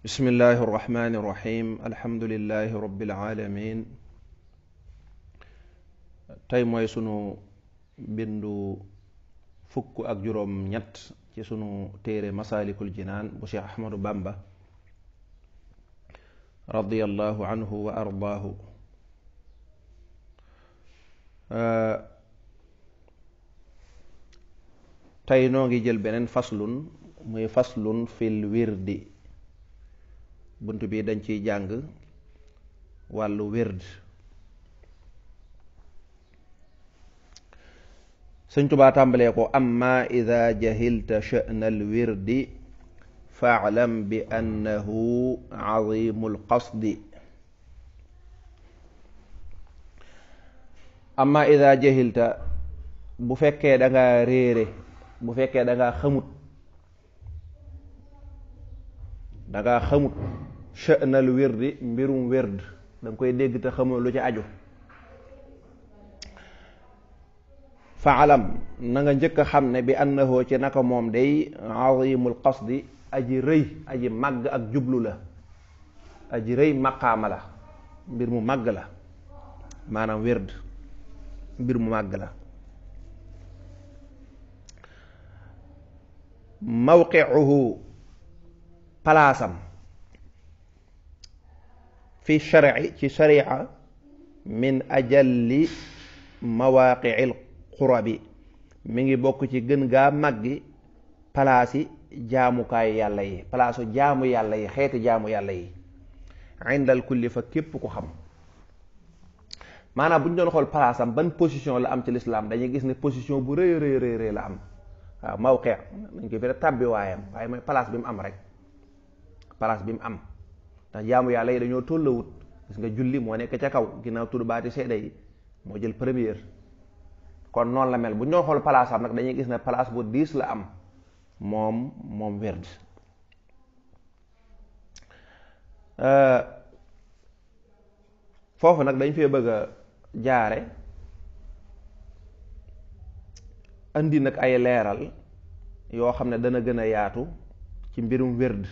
bismillahi irrahmani irrahim alhamdulilahi alamin tey mooy sunu bindu fukk ak juróom ñett ci sunu téere masaalikul jinaan bu cheikh ahmadu bamba radiallahu anhu ardaahu tey noo ngi jël beneen faslun muy faslun fil wirdi bunt bii dañ ciy jàng wàllu wérd sëñ tubaa tàmbalee ko amma ida jahilta sha'na alwirdi fa'lam bi annahu azimu alqasdi amma ida jahilta bu fekkee da nga réere bu fekkee da xamut da xamut sha'nal wirdi mbirum wird da koy dégg te xamoo lu ci aju faalam na nga njëkk xam ne bi annahoo ci naka moom day azimul qasdi aji rëy aji màgg ak jublu la aji rëy maqaama mbir mu màgg la maanaam wird mbir mu màgg la mawqicuhu palaasam fi sharci ci sharia min ajalli mawaaqicil bi mu ngi bokk ci gën gaa màggi palaasi jaamukaay yàlla yi palaasu jaamu yàlla yi xeeti jaamu yàlla yi indal kulli fa képp ku xam maanaam bu ñu doon xool palaasam ban position la am ci lislaam dañuy gis ne position bu rëy rëy rëy la am waaw mawqi ko fi waaye mooy palaas bi mu am rek palaas bi mu am te jaamu yàlla yi dañoo tollawut gis nga julli moo nekk ca kaw ginnaaw tudd baati seede yi moo jël première kon noonu la mel bu ñoo xool place am nag dañuy gis ne place bu diis la am moom moom werd euh, foofu nag dañ fee bëgg a jaare indi nag ay leeral yoo xam ne dana gën a yaatu ci mbirum werd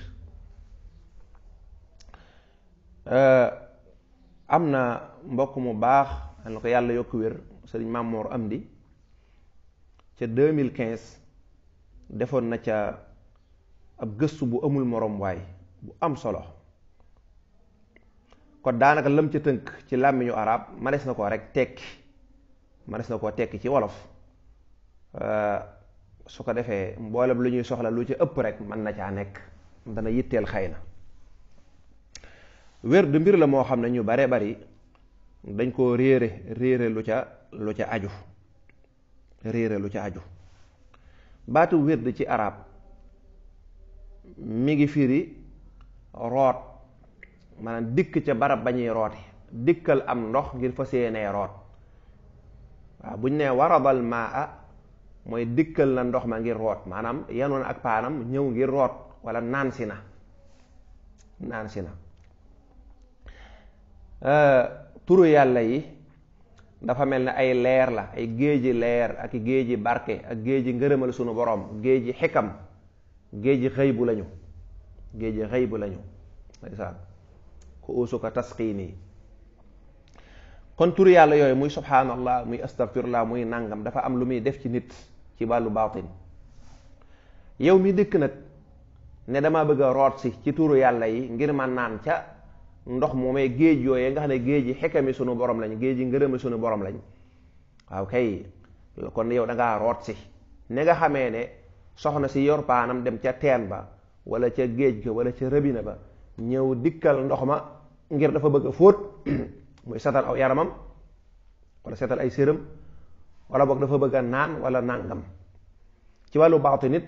Euh, am na mbokk mu baax xam ko yàlla yokk wér sëriñ Mamoor Amdi ca 2015 defoon na ca ab gëstu bu amul morom waay bu am solo kon daanaka lam ca tënk ci làmmiñu arab manees na ko rek tekki manees na koo tekki ci wolof euh, su ko defee mboolem lu ñuy soxla lu ci ëpp rek mën na caa nekk dana yitteel xëy na werd mbir la moo xam ne ñu bare bari dañ koo réere réere lu ca lu ca aju réere lu ca aju baatu werd ci arab mi ngi firi root maanaam dikk ca barab ba ñuy dikkal am ndox ngir fa séenee root waaw buñ nee warabal maa mooy dikkal na ndox ma ngir root maanaam yenoon ak paanam ñëw ngir root wala naan na naansi na Euh, turu yàlla yi dafa mel ne ay leer la ay géeji leer ak géeji barke ak géeji ngërëmal sunu borom géeji xikam géeji xëy bu lañu géeji xëy bu lañu ndeysaan ku uusuka tasqiini kon turu yàlla yooyu muy subhanallah muy astafirullah muy nàngam dafa am lu muy def ci nit ci wàllu baatin yow mi dëkk nag ne dama bëgg a root si ci turu yàlla yi ngir ma naan ca ndox moomee géej yooyee nga xam ne géej yi xekkami sunu borom lañ géej yi ngërëmi sunu borom lañ waaw kay kon yow da root si ne nga xamee ne soxna si yorpaanam dem ca teen ba wala ca géej ga wala ca rëbina ba ñëw dikkal ndox ma ngir dafa bëgg a fóot muy setal aw yaramam wala setal ay séram wala boog dafa bëgg a naan wala nàngam ci wàllu baatu nit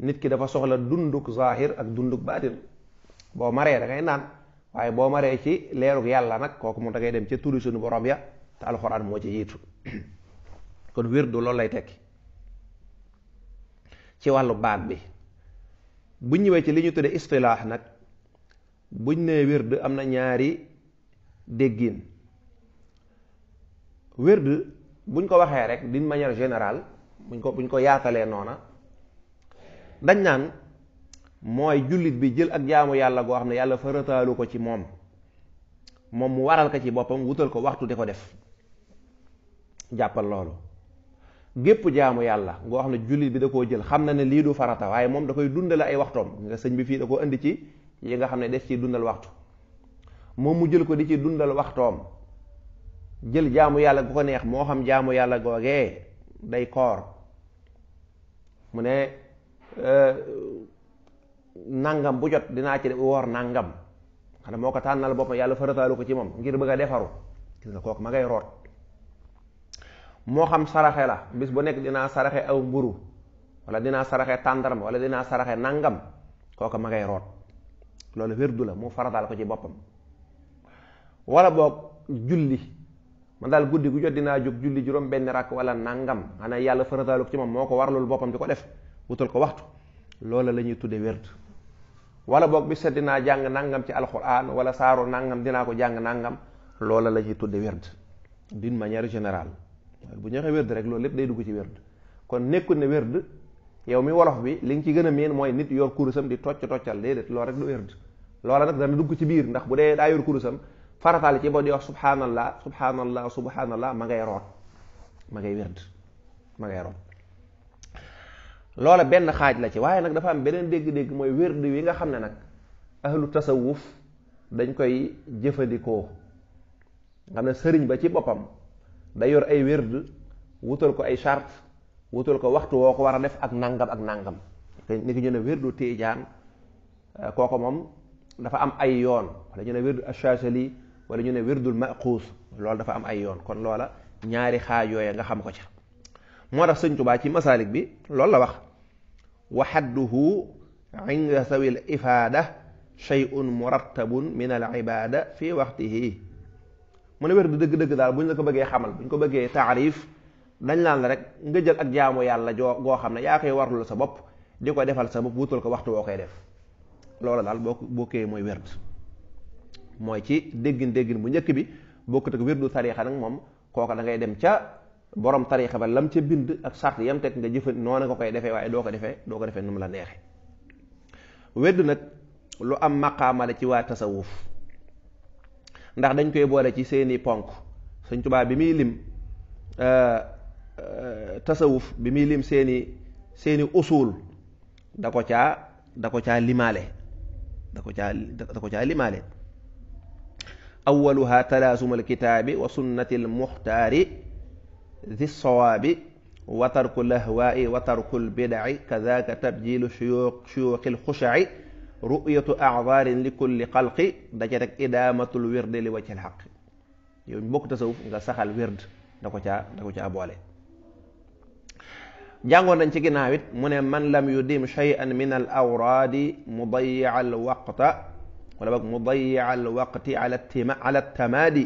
nit ki dafa soxla dunduk zahir ak dunduk baatin boo maree da ngay naan waaye boo maree ci leerug yàlla nag kooku moom da ngay dem ca turi suñu borom ya te alxuraan moo ci jiitu kon wirdu loolu lay tekki ci wàllu baat bi bu ñëwee ci li ñu tuddee istilaax nag buñ nee wird am na ñaari déggin wird buñ ko waxee rek d'une manière générale buñ ko buñ ko yaatalee noona dañ naan mooy jullit bi jël ak jaamu yàlla goo xam ne yàlla farataalu ko ci moom moom mu waral ko ci boppam wutal ko waxtu di ko def jàppal loolu gépp jaamu yàlla ngoo xam ne jullit bi da koo jël xam na ne lii du farata waaye moom da koy dundal ay waxtoom nga sëñ bi fii da koo indi ci yi nga xam ne des ci dundal waxtu moom mu jël ko di ci dundal waxtoom jël jaamu yàlla gu ko neex moo xam jaamu yàlla googee day koor mu ne euh, nangam bu jot dinaa ci woor nangam xanaa moo ko tànnal boppam yàlla farataalu ko ci moom ngir bëgg a defaru gis nga kooku ma ngay root moo xam saraxe la bis bu nekk dinaa saraxe aw mburu wala dinaa saraxe tàndarma wala dinaa saraxe nangam kooku ma ngay root loolu wérdu la mu farataal ko ci boppam wala boog julli man daal guddi gu jot dinaa jóg julli juróom benn rakk wala nangam xanaa yàlla farataalu ko ci moom moo ko warlul boppam di ko def wutal ko waxtu loola la ñuy tudde wérd wala boog bi set naa jàng nangam ci alquran wala saaro nàngam dinaa ko jàng nàngam loola la ñuy tudde werd d'une manière générale bu ñu waxee werd rek loolu lépp day dugg ci werd kon nekkul ne werd yow mi wolof bi li nga ci gën a meen mooy nit yor kurusam di tocc toccal déedéet loolu rek du werd loola nag dana dugg ci biir ndax bu dee daa yor kurusam farataal ci boo di wax subhanallah subhanallah subhanallah ma ngay root ma ngay werd ma ngay root loola benn xaaj la ci waaye nag dafa am beneen dégg-dégg mooy wérdu wi nga xam ne nag ahlu tasawuf dañ koy jëfandikoo nga xam ne sëriñ ba ci boppam day yor ay wérdu wutal ko ay chart wutal ko waxtu woo ko war a def ak nangam ak nangam ni ki ñu ne wérdu tiijaan eh, kooko moom dafa am ay yoon wala ñu ne wérdu ashashali wala ñu ne wérdul maquus loolu dafa am ay yoon kon loola ñaari xaaj yooya nga xam ko ca moo tax sëñ Tuubaa ci masaalik bi loolu la wax wa xadduhu inda sawil ifaada shay'un murattabun min al ibaada fi waqtihi mu ne wér di dëgg-dëgg daal bu ñu la ko bëggee xamal bu ñu ko bëggee taarif dañ naan la rek nga jël ak jaamu yàlla joo goo xam ne yaa koy warlu sa bopp di ko defal sa bopp wutal ko waxtu woo koy def loolu daal boo boo koy mooy wérd mooy ci déggin déggin bu njëkk bi ko ak wérdu tariixa nag moom kooka da ngay dem ca borom tariixa ba lam ca bind ak sart yam teg nga jëfan noona nga koy defee waaye doo ko defee doo ko defee nu mu la neexe wedd nag lu am maqaama la ci waa tasawuf ndax dañ koy boole ci seeni ponk Sëñ Tuubaa bi muy lim euh, euh, tasawuf bi muy lim seeni seeni usul da ko caa da ko caa limaale da ko caa da ko caa limaale awwaluha talaasumal kitaabi wa sunnatil muxtaari zi sawaabi wa tarku lahwaai wa tarku lbidaci kadaka tabjilu shuyuu shuyuuqil xushaci ru'yatu acdaarin li kulli xalqi daca rek idaamatul wirde li waccal xaq yow bokk tasawuf nga saxal wird da ko caa da ko caa boole jàngoon nañ ci ginnaaw it mu ne man lam yudim shay'an min al awraadi mudayica al waqta wala boog mudayica al waqti ala tamaadi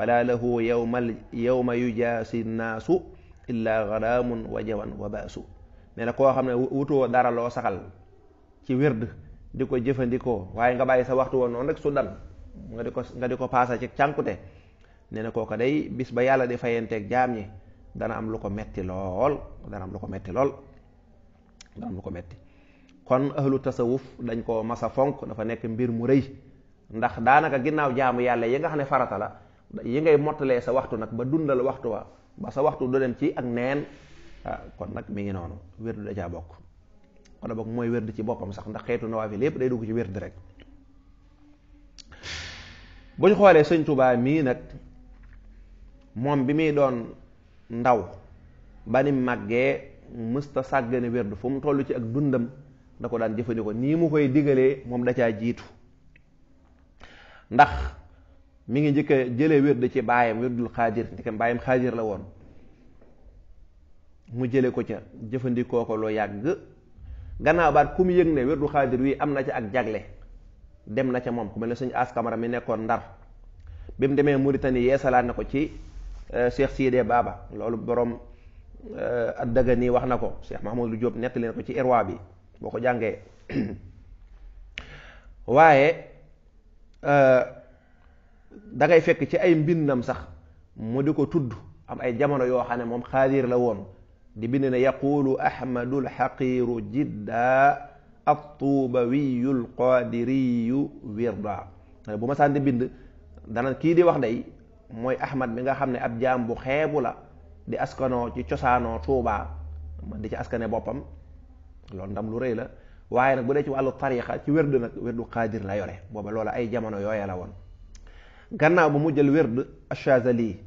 fala lahu yowmal yowma yujaasi naasu illaa garaamun wa jawan wa baasu nee koo xam ne wutoo dara loo saxal ci wird di ko jëfandikoo waaye nga bàyyi sa waxtu woon noonu rek su dan nga di ko nga di ko paasa ci cànkute nee koo ko day bis ba yàlla di fayanteeg jaam yi dana am lu ko metti lool dana am lu ko metti lool dana ko metti kon ahlu tasawuf dañ koo masa fonk dafa nekk mbir mu rëy ndax daanaka ginnaaw jaamu yàlla yi nga xam ne farata la yi ngay mottalee sa waxtu nag ba dundal waxtu wa ba sa waxtu du dem ci ak neen ah, kon nag mi ngi noonu wérdu da caa bokk wala boog mooy wérd ci boppam sax ndax xeetu nawaafil lépp day dugg ci wérd rek ñu xoolee sëñ Tuubaa mii nag moom bi muy doon ndaw ba ni màggee mësta sàggane wérdu fu mu toll ci ak dundam da ko daan jëfandikoo nii mu koy digalee moom da caa jiitu ndax mi ngi njëkk jële jëlee wérd ci baayam wérdul xaadir ndekam baayam xaadir la woon mu jële ko ca jëfandikoo ko loo yàgg gannaaw baat ku mu yëg ne wérdul xaadir wi am na ca ak jagle dem na ca moom ku mel ne suñu askamara mi nekkoon ndar bi mu demee Mauritanie yeesalaat na ko ci euh, Cheikh Sidé Baba loolu borom euh, addaga nii wax na ko Cheikh Mahmoud Diop nettali na ko ci Irwa bi boo ko jàngee waaye. Euh, da ngay fekk ci ay mbindam sax mu di ko tudd am ay jamono yoo xam ne moom xaadir la woon di bind ne yaqulu ahmadul xaqiiru jidda attuubawiyu lqaadiriyu wirda bu ma saan di bind dana kii di wax day mooy ahmad mi nga xam ne ab jaam bu xeebu la di askanoo ci cosaanoo di ci askane boppam loolu ndam lu rëy la waaye nag bu dee ci wàllu tariixa ci wérdu nag wérdu xaadir la yore booba loola ay jamono yooya la woon gannaaw ba mu jël wird Achazali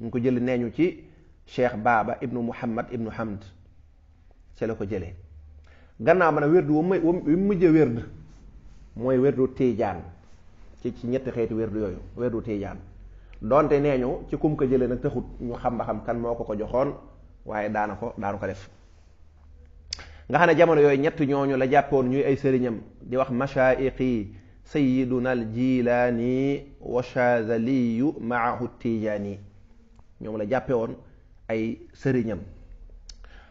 mu ngi ko jël nee ñu ci cheikh Baba ibnu Muhammad ibnu Hamd ci la ko jëlee gannaaw ba nag wird wu muy wu mujjee wird mooy wirdu Tiijaan ci ci ñetti xeeti wird yooyu wirdu Tiijaan donte nee ñu ci kum ko jëlee nag taxut ñu xam ba xam kan moo ko ko joxoon waaye daana ko daanu ko def. nga xam ne jamono yooyu ñett ñooñu la jàppoon ñuy ay sëriñam di wax mashaayixi sayiduna aljilaani wa shazaliyu maahu tijaani ñoom la jàppe woon ay sëriñam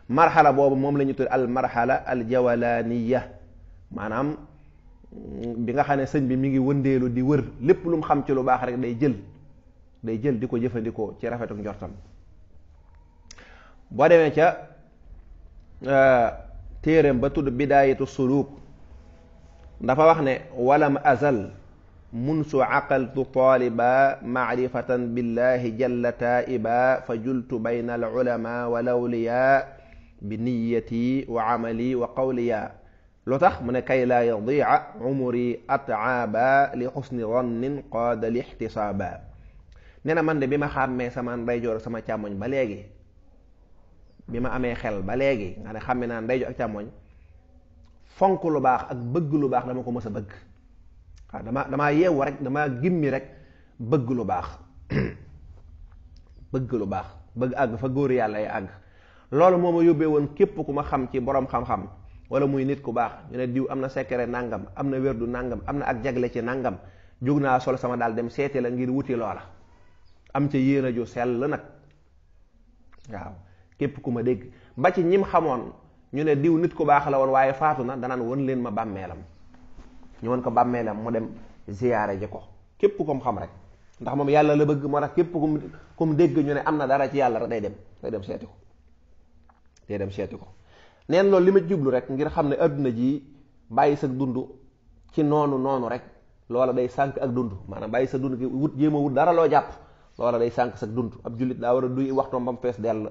marxala boobu moom la ñu tudd al marxala al jawalaaniya maanaam mm, bi nga xam ne sëñ bi mu ngi wëndeelu di wër lépp lum xam ci lu baax rek day jël day jël di ko jëfandikoo ci rafetu njortam boo demee ca euh, téeréem ba tudd bidaayatu suluk dafa wax ne walam azal munsu aqaltu taaliba macrifatan billahi jalla taiba fa jultu bayna alulama wa lawliya bi niyati wa amali wa qawliya lu tax mu ne kay laa yadiica umri ataaba li xusni zannin qaada li ixtisaaba nee na man de bi ma xàmmee sama ndeyjoor sama càmmoñ ba léegi bi ma amee xel ba léegi nga ne xàmme naa ndeyjoor ak càmmoñ fonk lu baax ak bëgg lu baax dama ko mës a bëgg waaw dama damaa yeewu rek dama gimmi rek bëgg lu baax bëgg lu baax bëgg àgg fa góor yàlla yi àgg loolu moo ma yóbbee woon képp ku ma xam ci boroom xam-xam wala muy nit ku baax ñu ne diw am na secret nangam am na wérdu nangam am na ak jagle ci nangam jóg naa sol sama daal dem seeti la ngir wuti loola am ca yéen a ju sell nag waaw képp ku ma dégg ba ci ñim xamoon ñu ne diw nit ku baax la woon waaye faatu na danaan won leen ma bàmmeelam ñu won ko bàmmeelam mu dem ziyaare ji ko képp kom xam rek ndax moom yàlla la bëgg moo tax képp kum kum dégg ñu ne am na dara ci yàlla rek day dem day dem seeti ko day dem seeti ko neen loolu li ma jublu rek ngir xam ne adduna ji bàyyi sa dund ci noonu noonu rek loola day sànq ak dund maanaam bàyyi sa dund ki wut jéem a wut dara loo jàpp loola day sànq sa dund ab jullit daa war a duy waxtoom ba mu fees dell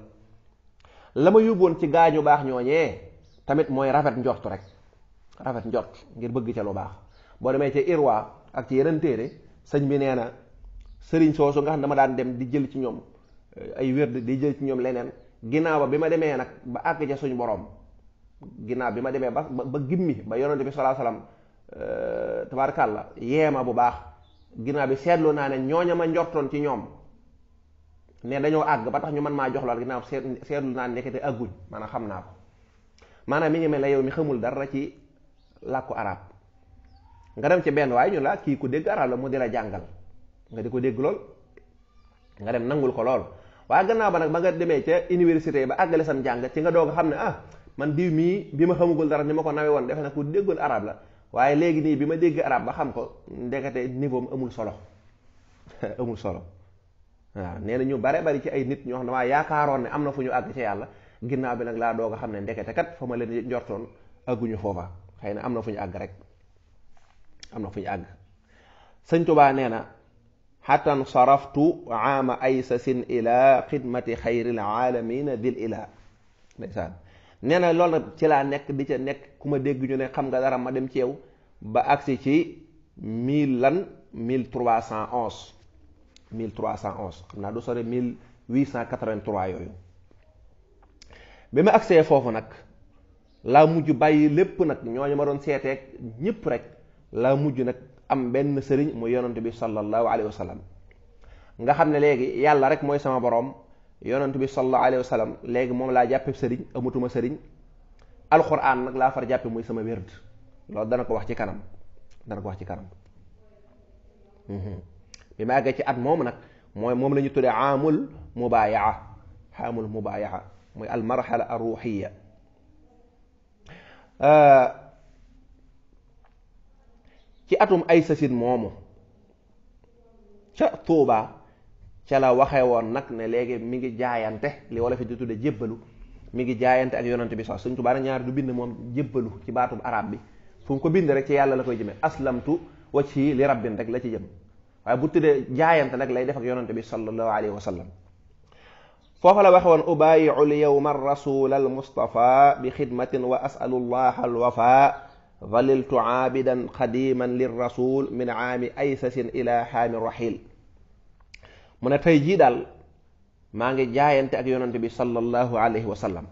la ma yóbboon ci gaa gaañu baax ñooñee tamit mooy rafet njort rek rafet njort ngir bëgg ca lu baax boo demee ca irwa ak ci yeneen téere sëñ bi nee na sëriñ soosu nga xam dama daan dem di jël ci ñoom eh, ay wér di jël ci ñoom leneen ginnaaw ba bi ma demee nag ba àgg ca suñ boroom ginnaaw bi ma demee ba ba gimmi ba yonante bi salaa salaam eh, tabaarkàlla yeema bu baax ginnaaw bi seetlu naa ne ñooña ma njortoon ci ñoom ne dañoo àgg ba tax ñu man maa jox lool ginnaaw seet seetlu naa nekkete àgguñ a xam naa ko maanaam mi ngi mel ne yow mi xamul dara ci làkku arab nga dem ci benn waaye ñu laa kii ku dégg arab la mu di la jàngal nga di ko dégg lool nga dem nangul ko lool waaye gannaaw ba nag ba nga demee ca université ba àggale sam jàng ci nga doog a xam ne ah man diw mii bi ma xamugul dara ni ma ko nawe woon defe na ku déggoon arab la waaye léegi nii bi ma dégg arab ba xam ko ndekete niveau amul solo amul solo waaw nee ñu bare bari ci ay nit ñoo xam ne yaakaaroon ne am na fu ñu àgg ci yàlla ginnaaw bi nag laa doog a xam ne ndekete kat fa ma leen njortoon àgguñu foofa xëy na am na fu ñu àgg rek am na fu ñu àgg sëñ Tuubaa nee na xatan saraftu aama aysasin ila xidmati xayril aalamina dil ila ndeysaan nee na loolu nag ci laa nekk di ca nekk ku ma dégg ñu ne xam nga dara ma dem ci yow ba agsi ci mille lan mille trois cent onze 1311 xam naa du sore 1883 yooyu bi ma agsee foofu nag laa mujj bàyyi lépp nag ñooñu ma doon seeteeg ñëpp rek laa mujj nag am benn sëriñ mu yonent bi sallallahu alayhi wa sallam nga xam ne léegi yàlla rek mooy sama boroom yonent bi sallallahu alayhi wa sallam léegi moom laa jàppe sëriñ amatuma sëriñ alquran nag laa far jàppe mooy sama wérd loolu dana ko wax ci kanam dana ko wax ci kanam mhm. bi mu àggee ci at moomu nag mooy moom la ñu tuddee aamul mubaayaa amul mubaayaa mooy al marxala ar euh, ci atum ay sasin moomu ca Tuuba ca la waxee woon nag ne léegi mu ngi jaayante li wala fi di tudde jébbalu mi ngi jaayante ak yonante bi sax suñ Tuubaa na ñaar du bind moom jébbalu ci baatub araab bi fu ko bind rek ci yàlla la koy jëme aslamtu ci li rabbin rek la ci jëm waaye bu tuddee jaayante nag lay def ak yonante bi wa sallam foofa la waxe woon ubaayiu lyawma rasul al mustafa bi xidmatin wa asalu allah al wafa valiltu aabidan qadiman lir rasul min aami ila xaami rahil mu ne tey jii daal maa ngi jaayante ak yonante bi sallallahu alayhi wa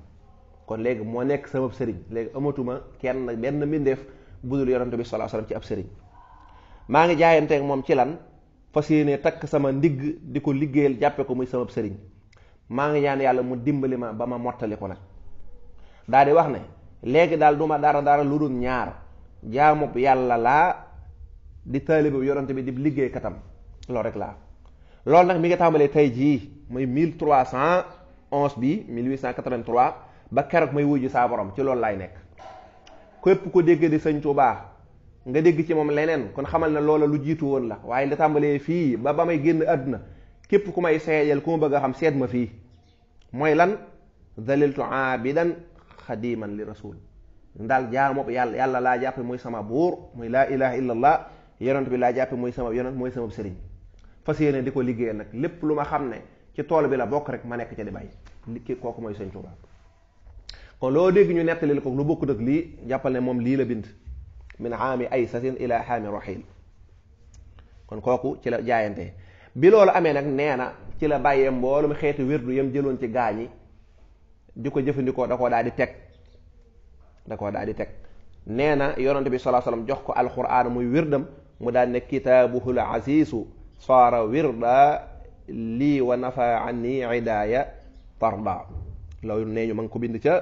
kon léegi moo nekk sama sëriñ léegi amatuma kenn benn mbindeef budul yonante bi sallallahu alayhi wa ci ab sëriñ maa ngi jaayanteeg moom ci lan fas yéene takk sama ndigg di ko liggéeyal jàppe ko muy sama sëriñ maa ngi ñaan yàlla mu dimbali ma ba ma mottali ko nag daa di wax ne léegi daal du ma dara dara lu dul ñaar jaamub yàlla laa di taalibu yonante bi di liggéey katam loolu rek laa loolu nag mi nga tàmbalee tey jii muy 1311 bi 1883 ba keroog may wuyu saa borom ci loolu laay nekk képp ko déggee di sëñ Tuubaa nga dégg ci moom leneen kon xamal na loola lu jiitu woon la waaye la tàmbalee fii ba ba may génn àdduna képp ku may seeyal ku ma bëgg a xam seet ma fii mooy lan daliltu aabidan xadiman li rasul ndaal jaamob yàlla yàlla laa jàppe mooy sama buur muy laa ilaha illa allah yonent bi laa jàppe mooy sama yeneen mooy sama sëriñ fas yéene di ko liggéeyal nag lépp lu ma xam ne ci tool bi la bokk rek ma nekk ca di bàyyi kooku mooy sëñ Tuubaa kon loo dégg ñu nettalil ko lu bokk nag lii jàppal moom lii la bind min aami aysatin ila xaami roxiil kon kooku ci la jaayante bi loolu amee nag nee na ci la bàyyee mboolum xeeti wérdu yam jëloon ci gaañi di ko jëfandikoo da koo daal di teg da koo daal di teg nee na yonante bi sallallahu jox ko alquran muy wirdam mu daal ne kitaabuhul azizu saara wirda lii wa nafa anni idaaya tarda loolu nee ñu ma ngi ko bind ca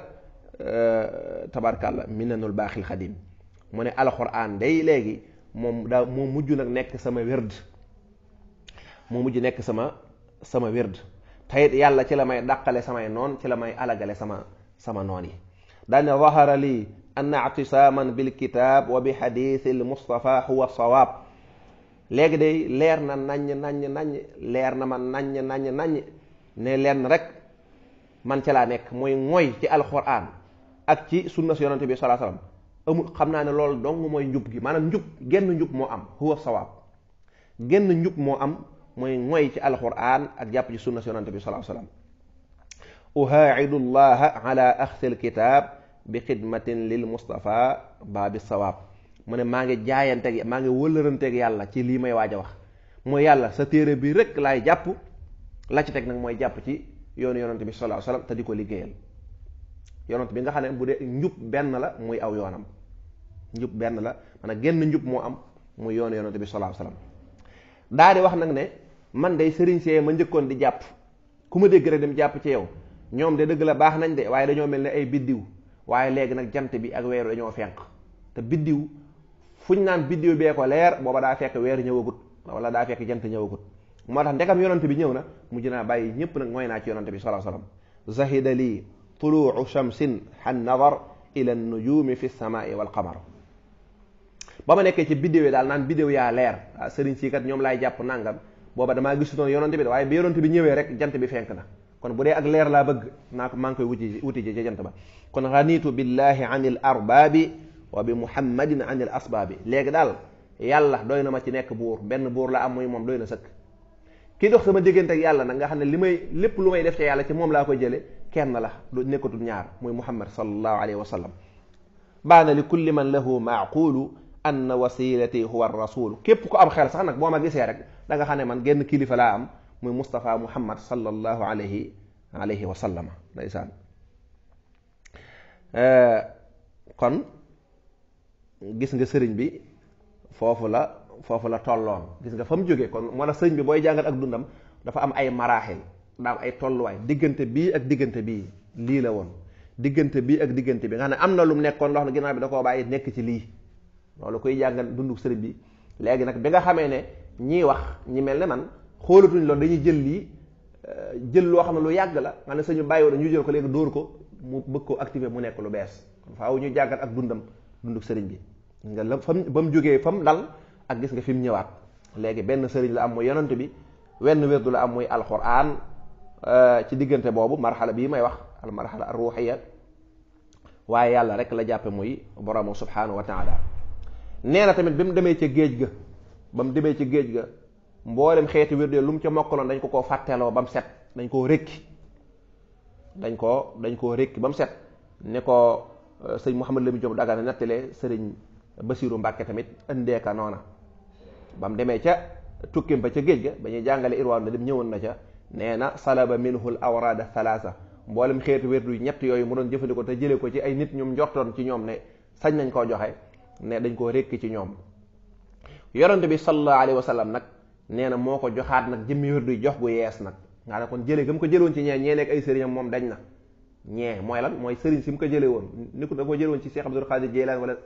euh, tabarkàlla minanul baaxil xadim mu ne alxuraan day léegi moom da moo mujj nag nekk sama wérd moo mujj nekk sama sama wérd tayit yàlla ci la may dàqale samay noon ci la may alagale sama sama noon yi daane zahara an anna ictisaaman bil kitaab wa bi xadiisi l mustafa huwa sawaab léegi day leer na naññ nañ nañ leer na ma naññ naññ nañ ne lenn rek man ca laa nekk mooy mooy ci alxuraan ak ci sunna su yonante bi salaa salaam amul xam naa ne loolu dong mooy njub gi maanaam njub genn njub moo am huwa sawaab genn njub moo am mooy moy ci alquran ak jàpp ci sunna si yonante bi sallallahu alayhi wa sallam uhaacidu llaha ala axsi alkitab bi xidmatin lil mustafa baabi sawaab mu ne maa ngi jaayanteeg maa ngi wëlëranteeg yàlla ci lii may waaj a wax mooy yàlla sa téere bi rek laay jàpp la nag mooy jàpp ci yoonu yonante bi sallallahu te di ko liggéeyal yonante bi nga xam ne bu dee njub benn la muy aw yoonam njub benn la a genn njub moo am mu yoon yonante bi sallallahu alayhi daa di wax nag ne man dey sëriñ see ma njëkkoon di jàpp ku ma dégg rek dem jàpp ci yow ñoom de dëgg la baax nañ de waaye dañoo mel ne ay biddiw waaye léegi nag jant bi ak weeru dañoo fenq te biddiw fuñ naan biddiw bee ko leer booba daa fekk weer ñëwagut wala daa fekk jant ñëwagut moo tax ndegam yonante bi ñëw na mujj naa bàyyi ñëpp nag mooy naa ci yonante bi sallallahu alayhi wasallam zahida lii tuluu shamsin han nadar ila nujumi fi samaai wal qamar ba ma nekkee ci biddéew daal naan biddéew yaa leer ah, sëriñ si ñoom laay jàpp nangam booba damaa gisutoon yonante bi waaye bi yonante bi ñëwee rek jant bi fenk na kon bu dee ak leer laa bëgg naa ko maa ngi koy wuti ci jant ba kon ranitu billahi bi muhammadin anil asbaabi léegi daal yàlla na ma ci nekk buur benn buur la am muy moom doy na sëkk kii dox sama diggante ak yàlla nag nga xam ne li may lépp lu may def ci yàlla ci moom laa koy jële kenn la du nekkatul ñaar muy muhammad sallallahu alayhi wa sallam baana li kulli man lahu maaqulu ann wasilati huwa rasul képp ku am xel sax nag boo ma gisee rek danga xam ne man genn kilifa laa am muy Moustapha Muhammad sallallahu alayhi alayhi wa sallama ndeysaan euh, kon gis nga sëriñ bi foofu la foofu la tolloon gis nga mu jógee kon moo tax bi booy jàngal ak dundam dafa am ay maraaxil daa ay tolluwaay diggante bii ak diggante bii lii la woon diggante bii ak diggante bi nga xam ne am na lu mu nekkoon loo xam ne ginnaaw bi da koo bàyyi nekk ci lii loolu koy jàngal dunduk sëriñ bi léegi nag bi nga xamee ne ñii wax ñi mel ne man xoolatuñ loolu dañuy jël lii euh, jël loo xam ne lu yàgg la nga ne sañu bàyyi woon ñu jël ko dóor ko mu bëgg ko mu nekk lu bees kon faaw ñu jàngat ak dundam dunduk sëriñ bi nga la fam ba mu jógee fa mu dal ak gis nga fi mu ñëwaat léegi benn sëriñ la am muy yonent bi wenn wér wérdu la am muy alquran euh, ci diggante boobu marxala bii may wax al marxala ar ruuxiya waaye yàlla rek la jàppe muy boroomam subhanahu wa taala nee na tamit ba mu demee ca géej ga ba mu demee ca géej ga mboolem xeeti wérdee lu mu ca mokkaloon dañ ko koo fàtteeloo ba mu set dañ koo rékki dañ koo dañ koo rékki ba mu set ni ko euh, sëñ Mouhamed Lamine Diop Dagana nettalee sëriñ Basiru Mbàkke tamit indeeka noona ba mu demee ca tukkim ba ca géej ga ba ñuy jàngale irwaan na lim ñëwoon na ca nee na salaba minhul awraada thalatha mboolem xeeti wérdu ñett yooyu mu doon jëfandikoo te jëlee ko ci ay nit ñoom njortoon ñoom ne sañ nañ koo joxe ne dañ koo rekki ci ñoom yorante bi sallallahu alayhi wa sallam nag nee na moo ko joxaat nag yor wérdu jox gu yees nag nga ne kon jëlee ga ko jëlewoon ci ñee ñee nekk ay moom dañ na ñee mooy lan mooy sëriñ si mu ko jëlee woon ni ko da jële woon ci Cheikh Abdul Qadir Jeylaan wala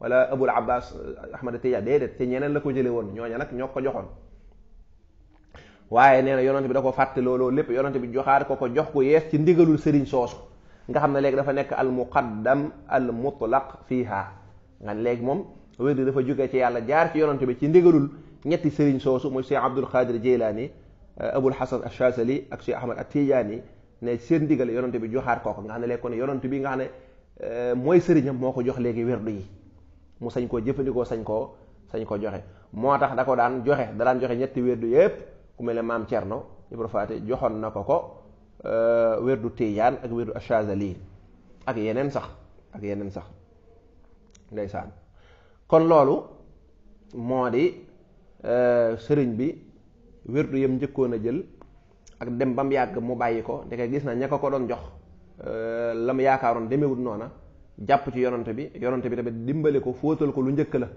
wala Abul Abbas eh, Ahmad Tijaan déedéet ñeneen la ko jëlee woon ñooña nag ñoo ko joxoon waaye nee na yonante bi da ko fàtte looloo lépp yonante bi joxaat ko ko jox ko yees ci ndigalul sëriñ soosu nga xam ne léegi dafa nekk al muqaddam al mutlaq fiiha nga léegi moom wérdi dafa jóge ci yàlla jaar ci yonante bi ci ndigalul ñetti sëriñ soosu muy cheikh abdul xaadir jeylaani euh, abul hasan achasali ak cheikh ahmad atijaani ne seen ndigal yonante bi joxaat kooku nga xam ne léegi kon yonante bi nga xam ne euh, mooy sëriñam moo ko jox léegi wérdu yi mu sañ koo jëfandikoo sañ koo sañ ko joxe moo tax da ko daan joxe da joxe ñetti wérdu yëpp ku mel ne maam Cerno Ibra Faati joxoon na ko ko euh, wérdu Tijaan ak wérdu Achazali ak yeneen sax ak yeneen sax ndeysaan kon loolu moo di euh, sëriñ bi wér wérdu yam njëkkoon a jël ak dem ba mu yàgg mu bàyyi ko ndeke gis na ñekk ko doon jox euh, la mu yaakaaroon demewut noona jàpp ci yonante bi yonante bi tamit dimbale ko fóotal ko lu njëkk la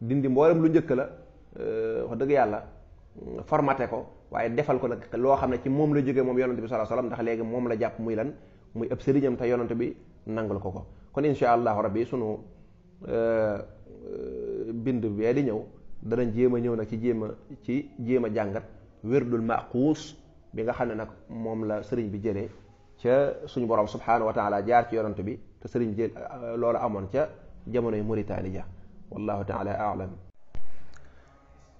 dindi mboolem lu njëkk la euh, wax dëgg yàlla formaté ko waaye defal ko nag loo xam ne ci moom la jógee moom yonante bi sallallahu alayhi ndax léegi moom la jàpp muy lan muy ëpp sëriñam te yonante bi nangul ko ko kon insha allahu rabbi sunu Euh, bind bee di ñëw danañ jéem a ñëw nag ci jéem a ci jéem a jàngat wérdul maquus bi nga xam ne nag moom la sëriñ bi jëlee ca suñu borom subhaanahu jaar ci yonant bi te sëriñ jël euh, loola amoon ca jamonoy Mauritanie ja wallahu taala aalam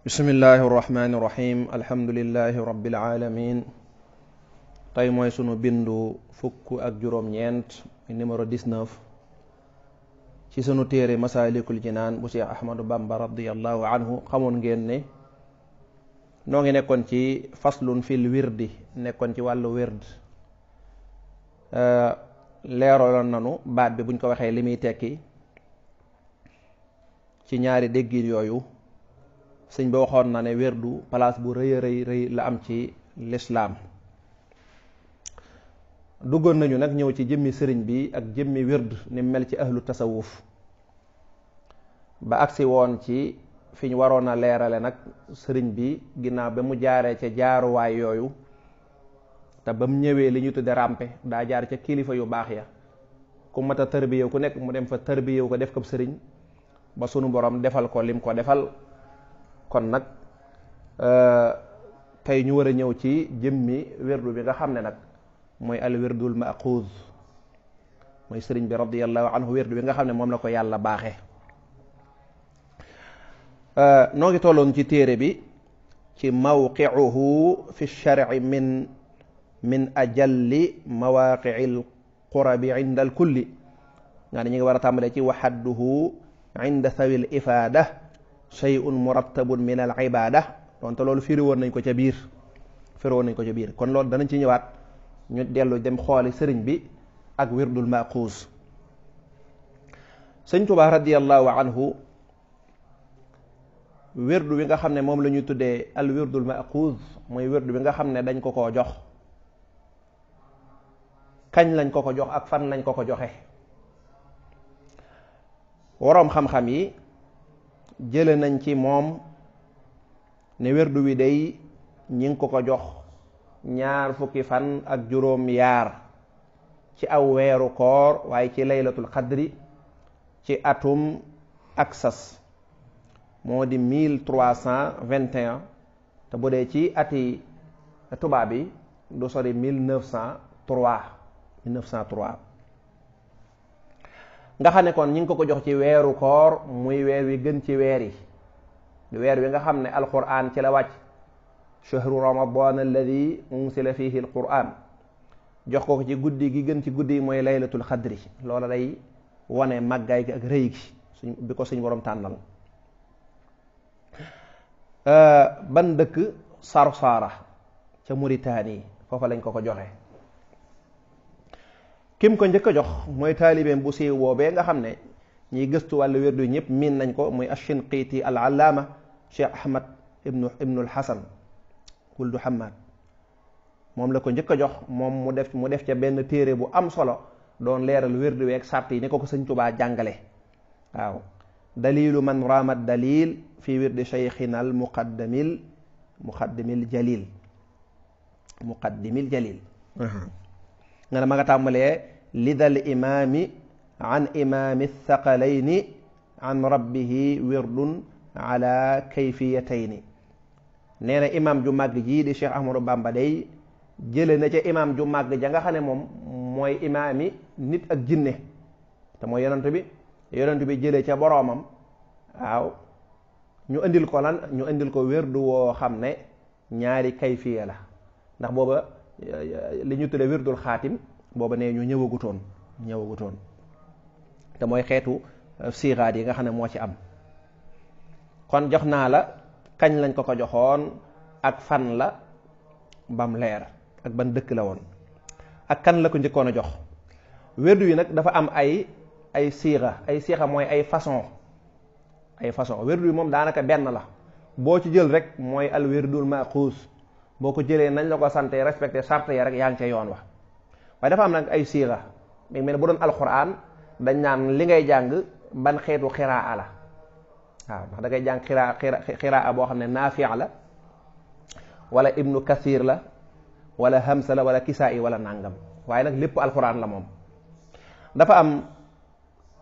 bismillahi arrahmani irrahim alhamdulilahi rabbil alamin tey mooy sunu bindu fukk ak juróom-ñeent numéro 19 ci sunu téere masaalikul jinaan bu Cheikh Ahmadou Bamba radiallahu anhu xamoon ngeen ne noo ngi nekkoon ci faslun fil wirdi nekkoon ci wàllu wird euh, leeraloon nanu baat bi buñ ko waxee li muy tekki ci ñaari déggin yooyu sëñ ba waxoon na ne wirdu palaas bu rëy rëy rëy la am ci lislaam duggoon nañu nag ñëw ci jëmmi sëriñ bi ak jëmmi wird ni mel ci ahlu tasawuf ba agsi woon ci fi ñu waroon a leerale nag sëriñ bi ginnaaw ba mu jaaree ci jaaruwaay yooyu te ba mu ñëwee li ñu tudde ràmpe daa jaar ca kilifa yu baax ya ku mat a tarbiyew ku nekk mu dem fa tarbiyew ko def ko sëriñ ba sunu borom defal ko lim ko defal kon nag euh, tey ñu war a ñëw ci jëmmi wérdu bi nga xam ne nag mooy al wirdul maaxuuz mooy sëriñ bi radiallahu anhu wirdu wi nga xam ne moom la ko yàlla baaxe euh, noongi tolloon ci téere bi ci mawqicuhu fi sharci min min ajalli mawaaqici alqurabi inda alkulli nga ne ñu ngi war a tàmbalee ci waxadduhu inda sawi l ifaada shay'un murattabun min al donte loolu firi woon nañ ko ca biir firi woon ko ca biir kon loolu danañ ci ñëwaat ñu dellu dem xooli sëriñ bi ak wirdul maquus sëñ Tuubaa radiallahu anhu wirdu bi nga xam ne moom lañuy tuddee al wirdul maquus mooy wirdu wi nga xam ne dañ ko koo jox kañ lañ ko ko jox ak fan lañ ko ko joxe waroom xam-xam yi jële nañ ci moom ne wirdu wi day ñi ngi ko ko jox ñaar fukki fan ak juróom yaar ci aw weeru koor waaye ci laylatul xadri ci atum ak sas moo di mille trois cent te bu dee ci ati tubaab yi du sori mille neuf cent trois nga xam ne kon ñi ngi ko ko jox ci weeru koor muy weer wi gën ci weer yi weer wi nga xam ne alquran ci la wàcc chahru ramadan alladi unsila fihi alquran jox ko ko ci guddi gi gën ci guddi yi mooy laylatul xadri loola day wone màggaay gi ak rëy gi suñ bi ko suñ borom tànnal euh, ban dëkk Sarsara ca yi foofu lañ ko ko joxe kim ko njëkk a jox mooy taalibeem bu siiw boobee nga xam ne ñiy gëstu walla wàllu wérdu ñëpp miin nañ ko muy ashinqiiti al allaama Cheikh Ahmad ibnu ibnul Hasan wuldu Hammaad moom la ko njëkk a jox moom mu def mu def ca benn téere bu am solo doon leeral wérdu weeg sàrt yi ni ko ko sëñ jàngale waaw dalilu man raamat dalil fi wirdi cheykhinal muqaddamil muqaddimil jalil muqaddimil nga ne ma nga tàmbalee lidal imaami an imaami thaqalayni an rabbihi wirdun ala kayfiyatayni nee na imam ju màgg jii di Cheikh Ahmadou Bamba day jële na ca imam ju màgg ja nga xam ne moom mooy imaami nit ak jinne te mooy yonent bi yonent bi jële ca boroomam waaw ñu indil ko lan ñu indil ko wérdu woo xam ne ñaari kayfiya la ndax booba li ñu tudde wérdul xaatim booba ne ñu ñëwagutoon ñëwagutoon te mooy xeetu siixaat yi nga xam ne moo ci am kon jox naa la kañ lañ ko ko joxoon ak fan la bam leer ak ban dëkk la woon ak kan la ko njëkkoon a jox werdu yi nag dafa am ay ay siixa ay siixa mooy ay façon ay façon werdu yi moom daanaka benn la boo ci jël rek mooy al werdul maxuus boo ko jëlee nañ la ko sante respecté charte ya rek yaa ngi ca yoon wa waaye dafa am nag ay siixa mais bu doon alquran dañ naan li ngay jàng ban xeetu xiraa la waaw dangay da jàng xiraa boo xam ne naafiya la wala ibnu kathir la wala hamsa la wala kisaa yi wala nàngam waaye nag lépp alxuraan la moom dafa am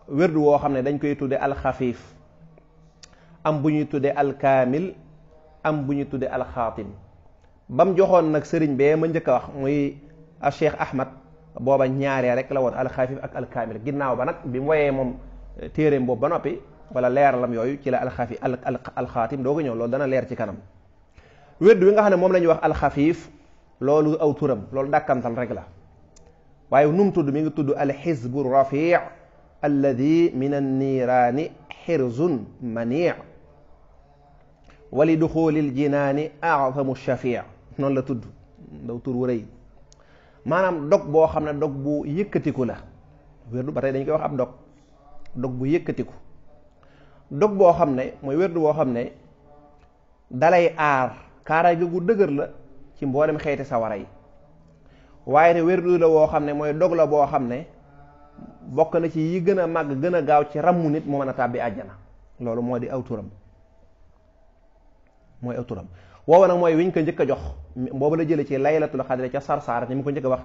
wérdu woo xam ne dañ koy tudde alxafiif am bu ñuy tudde alkaamil am bu ñuy tudde alxaatim bam joxoon nag sëriñ bee ma njëkk a wax muy cheikh ahmad booba ñaaree rek la woon alxafiif ak alkaamil ginnaaw ba nag bi mu moom téeréem boobu ba noppi wala leeralam yooyu ci la alxafi al alxaatim doo ko ñëw loolu dana leer ci kanam wérdu wi nga xam ne moom la ñuy wax alxafiif loolu aw turam loolu dàkkantal rek la waaye nu tudd mi ngi tudd alxizbu rafi alladi min anniiraani xirzun mani wali duxulil jinaani azamu shafii noonu la tudd ndaw tur wu maanaam dog boo xam ne dog bu yëkkatiku la wérdu ba tey dañ koy wax ab dog dog bu yëkkatiku dog boo xam ne mooy wérdu woo xam ne dalay aar kaaraange gu dëgër la ci mboolem xeeti sawara yi waaye te wérdu la woo xam ne mooy dog la boo xam ne bokk na ci yi gën a màgg gën a gaaw ci ràmmu nit mu mën a tàbbi àjjana loolu mooy di aw turam mooy aw turam woowu nag mooy wiñ ko njëkk jox jox boobu la jële ci laylatul xadri ca sarsaara ni mu ko njëkk wax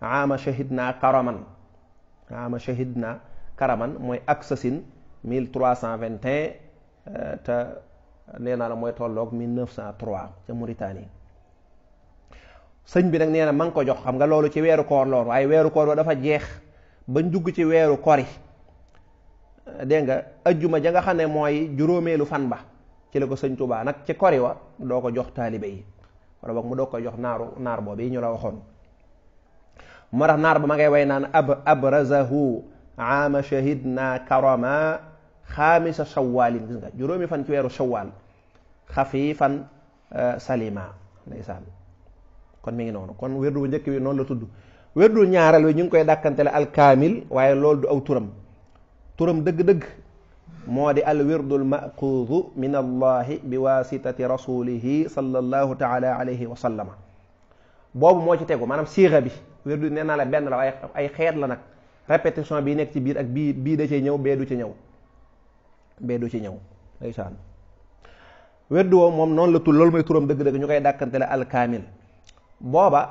ama shahid naa karaman ama shahid naa karaman mooy aksasin mille trois cent vingt et euh, te nee naa la mooy tolloog mille neuf cent trois ca Mauritanie sëñ bi nag nee na ma ngi ko jox xam nga loolu ci weeru koor lool waaye weeru koor ba dafa jeex ba njugg ci weeru kori dégg nga ajjuma ja nga xam ne mooy juróomeelu fan ba ci la ko sëñ Tuubaa nag ci kori wa doo ko jox taalibe yi wala boog mu doo ko jox naaru naar boobu yi ñu la waxoon moo tax naar ba ma ngay way naan ab abrazahu aama shahidna karama xaamisa shawaalin gis nga juróomi fan ci weeru shawaal xafiifan euh, salima ndeysaan kon mi ngi noonu kon wérdu bu njëkk wi noonu la tudd wérdu ñaaral wi ñu ngi koy dàkkantele alkaamil waaye loolu du aw turam turam dëgg-dëgg moo di al wirdu al maaxuudu min allahi bi waasitati rasulihi sallallahu taala alayhi wa boobu moo ci tegu maanaam siixa bi wérdu nee naa la benn la waaye ay xeet la nag répétition bii nekk ci biir ak bii bii da cee ñëw bee du ci ñëw bee du ci ñëw ndeysaan weddu woo moom noonu la tul loolu mooy turam dëgg-dëgg ñu koy dàkkante la alkaamil booba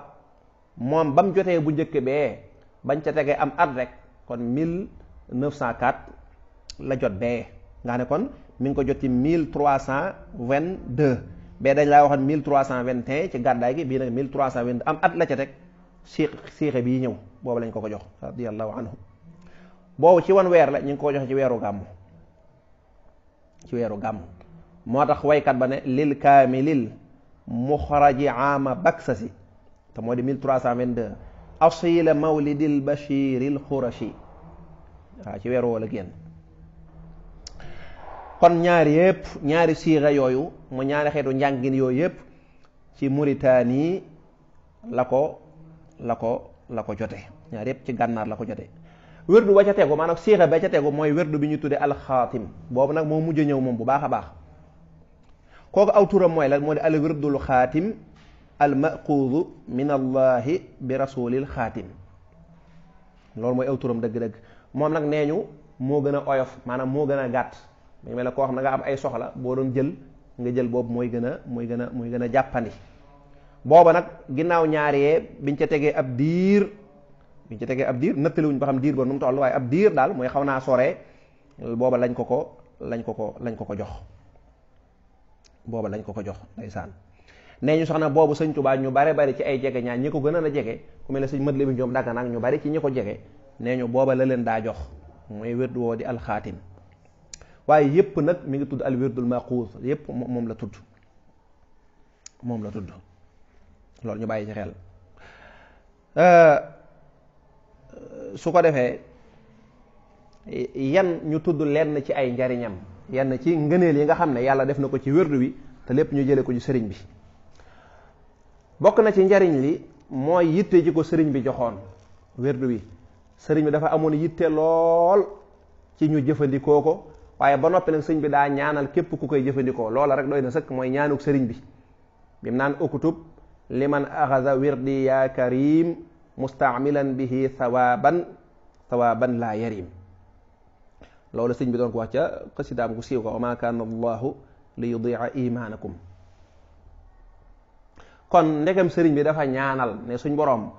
moom ba mu jotee bu njëkk bee bañ ca tegee am at rek kon 1904 la jot bee nga ne kon mu ngi ko jot ci 1322 bee dañ laa waxoon 1321 ci gàddaay gi bii nag 1322 am at la ca teg si siixe bii ñëw boobu lañ ko ko jox radiyallahu anhu boobu ci wan weer la ñu ngi ko joxe ci weeru gàmmu ci weeru gàmm moo tax waykat ba ne lil kaamilil muxraji aama baksasi te moo di 1322 asila mawlidil bashiril xurashi waaw ci weeru wala génn kon ñaari yëpp ñaari siiga yooyu mu ñaari xeetu njàngin yooyu yëpp ci Mauritanie la ko la ko la ko jote ñaar yëpp ci gànnaar la ko jote wérdu ba ca tegu maanaam siixa ba ca tegu mooy wérdu bi ñu tuddee alxaatim boobu nag moo mujj ñëw moom bu baax a baax kooku aw turam mooy lan moo di al wirdul xaatim al maquudu min allahi bi rasulil xaatim loolu mooy aw turam dëgg-dëgg moom nag nee ñu moo gën a oyof maanaam moo gën a gàtt dañu mel ne koo xam ne nga am ay soxla boo doon jël nga jël boobu mooy gën a mooy gën a mooy gën a jàppandi booba nag ginnaaw ñaariyee biñ ca tegee ab diir biñ ci tegee ab diir nattaliwuñ ba xam diir ba nu mu toll waaye ab diir daal mooy xaw naa sore booba lañ ko ko lañ ko ko lañ ko ko jox booba lañ ko ko jox ndeysaan nee ñu sax na boobu sëñ Tuubaa ñu bare bari ci ay jege ñaar ñi ko gën a jege ku mel ne sëñ mët li bi ñoom dagga nag ñu bari ci ñi ko jege nee ñu booba la leen daa jox mooy wérdu woo di alxaatim waaye yépp nag mi ngi tudd al wirdul maquus yépp moom la tudd moom la tudd loolu ñu bàyyi ci xel euh, su ko defee yan ñu tudd lenn ci ay njariñam yenn ci ngëneel yi nga xam ne yàlla def na ko ci wérdu wi te lépp ñu jële ko ci sëriñ bi bokk na ci njariñ li mooy yitte ji ko sëriñ bi joxoon wérdu wi sëriñ bi dafa amoon yitte lool ci ñu jëfandikoo ko waaye ba noppi nag sëñ bi daa ñaanal képp ku koy jëfandikoo loola rek doy na sëkk mooy ñaanuk sëriñ bi bi mu naan okutub liman axaza wirdi yaa karim mustaamilan bihi sawaaban sawaaban laa yarim loolu sëñ bi doon ko wax ca xasidaam gu siiw ko wama kaana allahu li yudia imaanakum kon ndegam sëriñ bi dafa ñaanal ne suñ boroom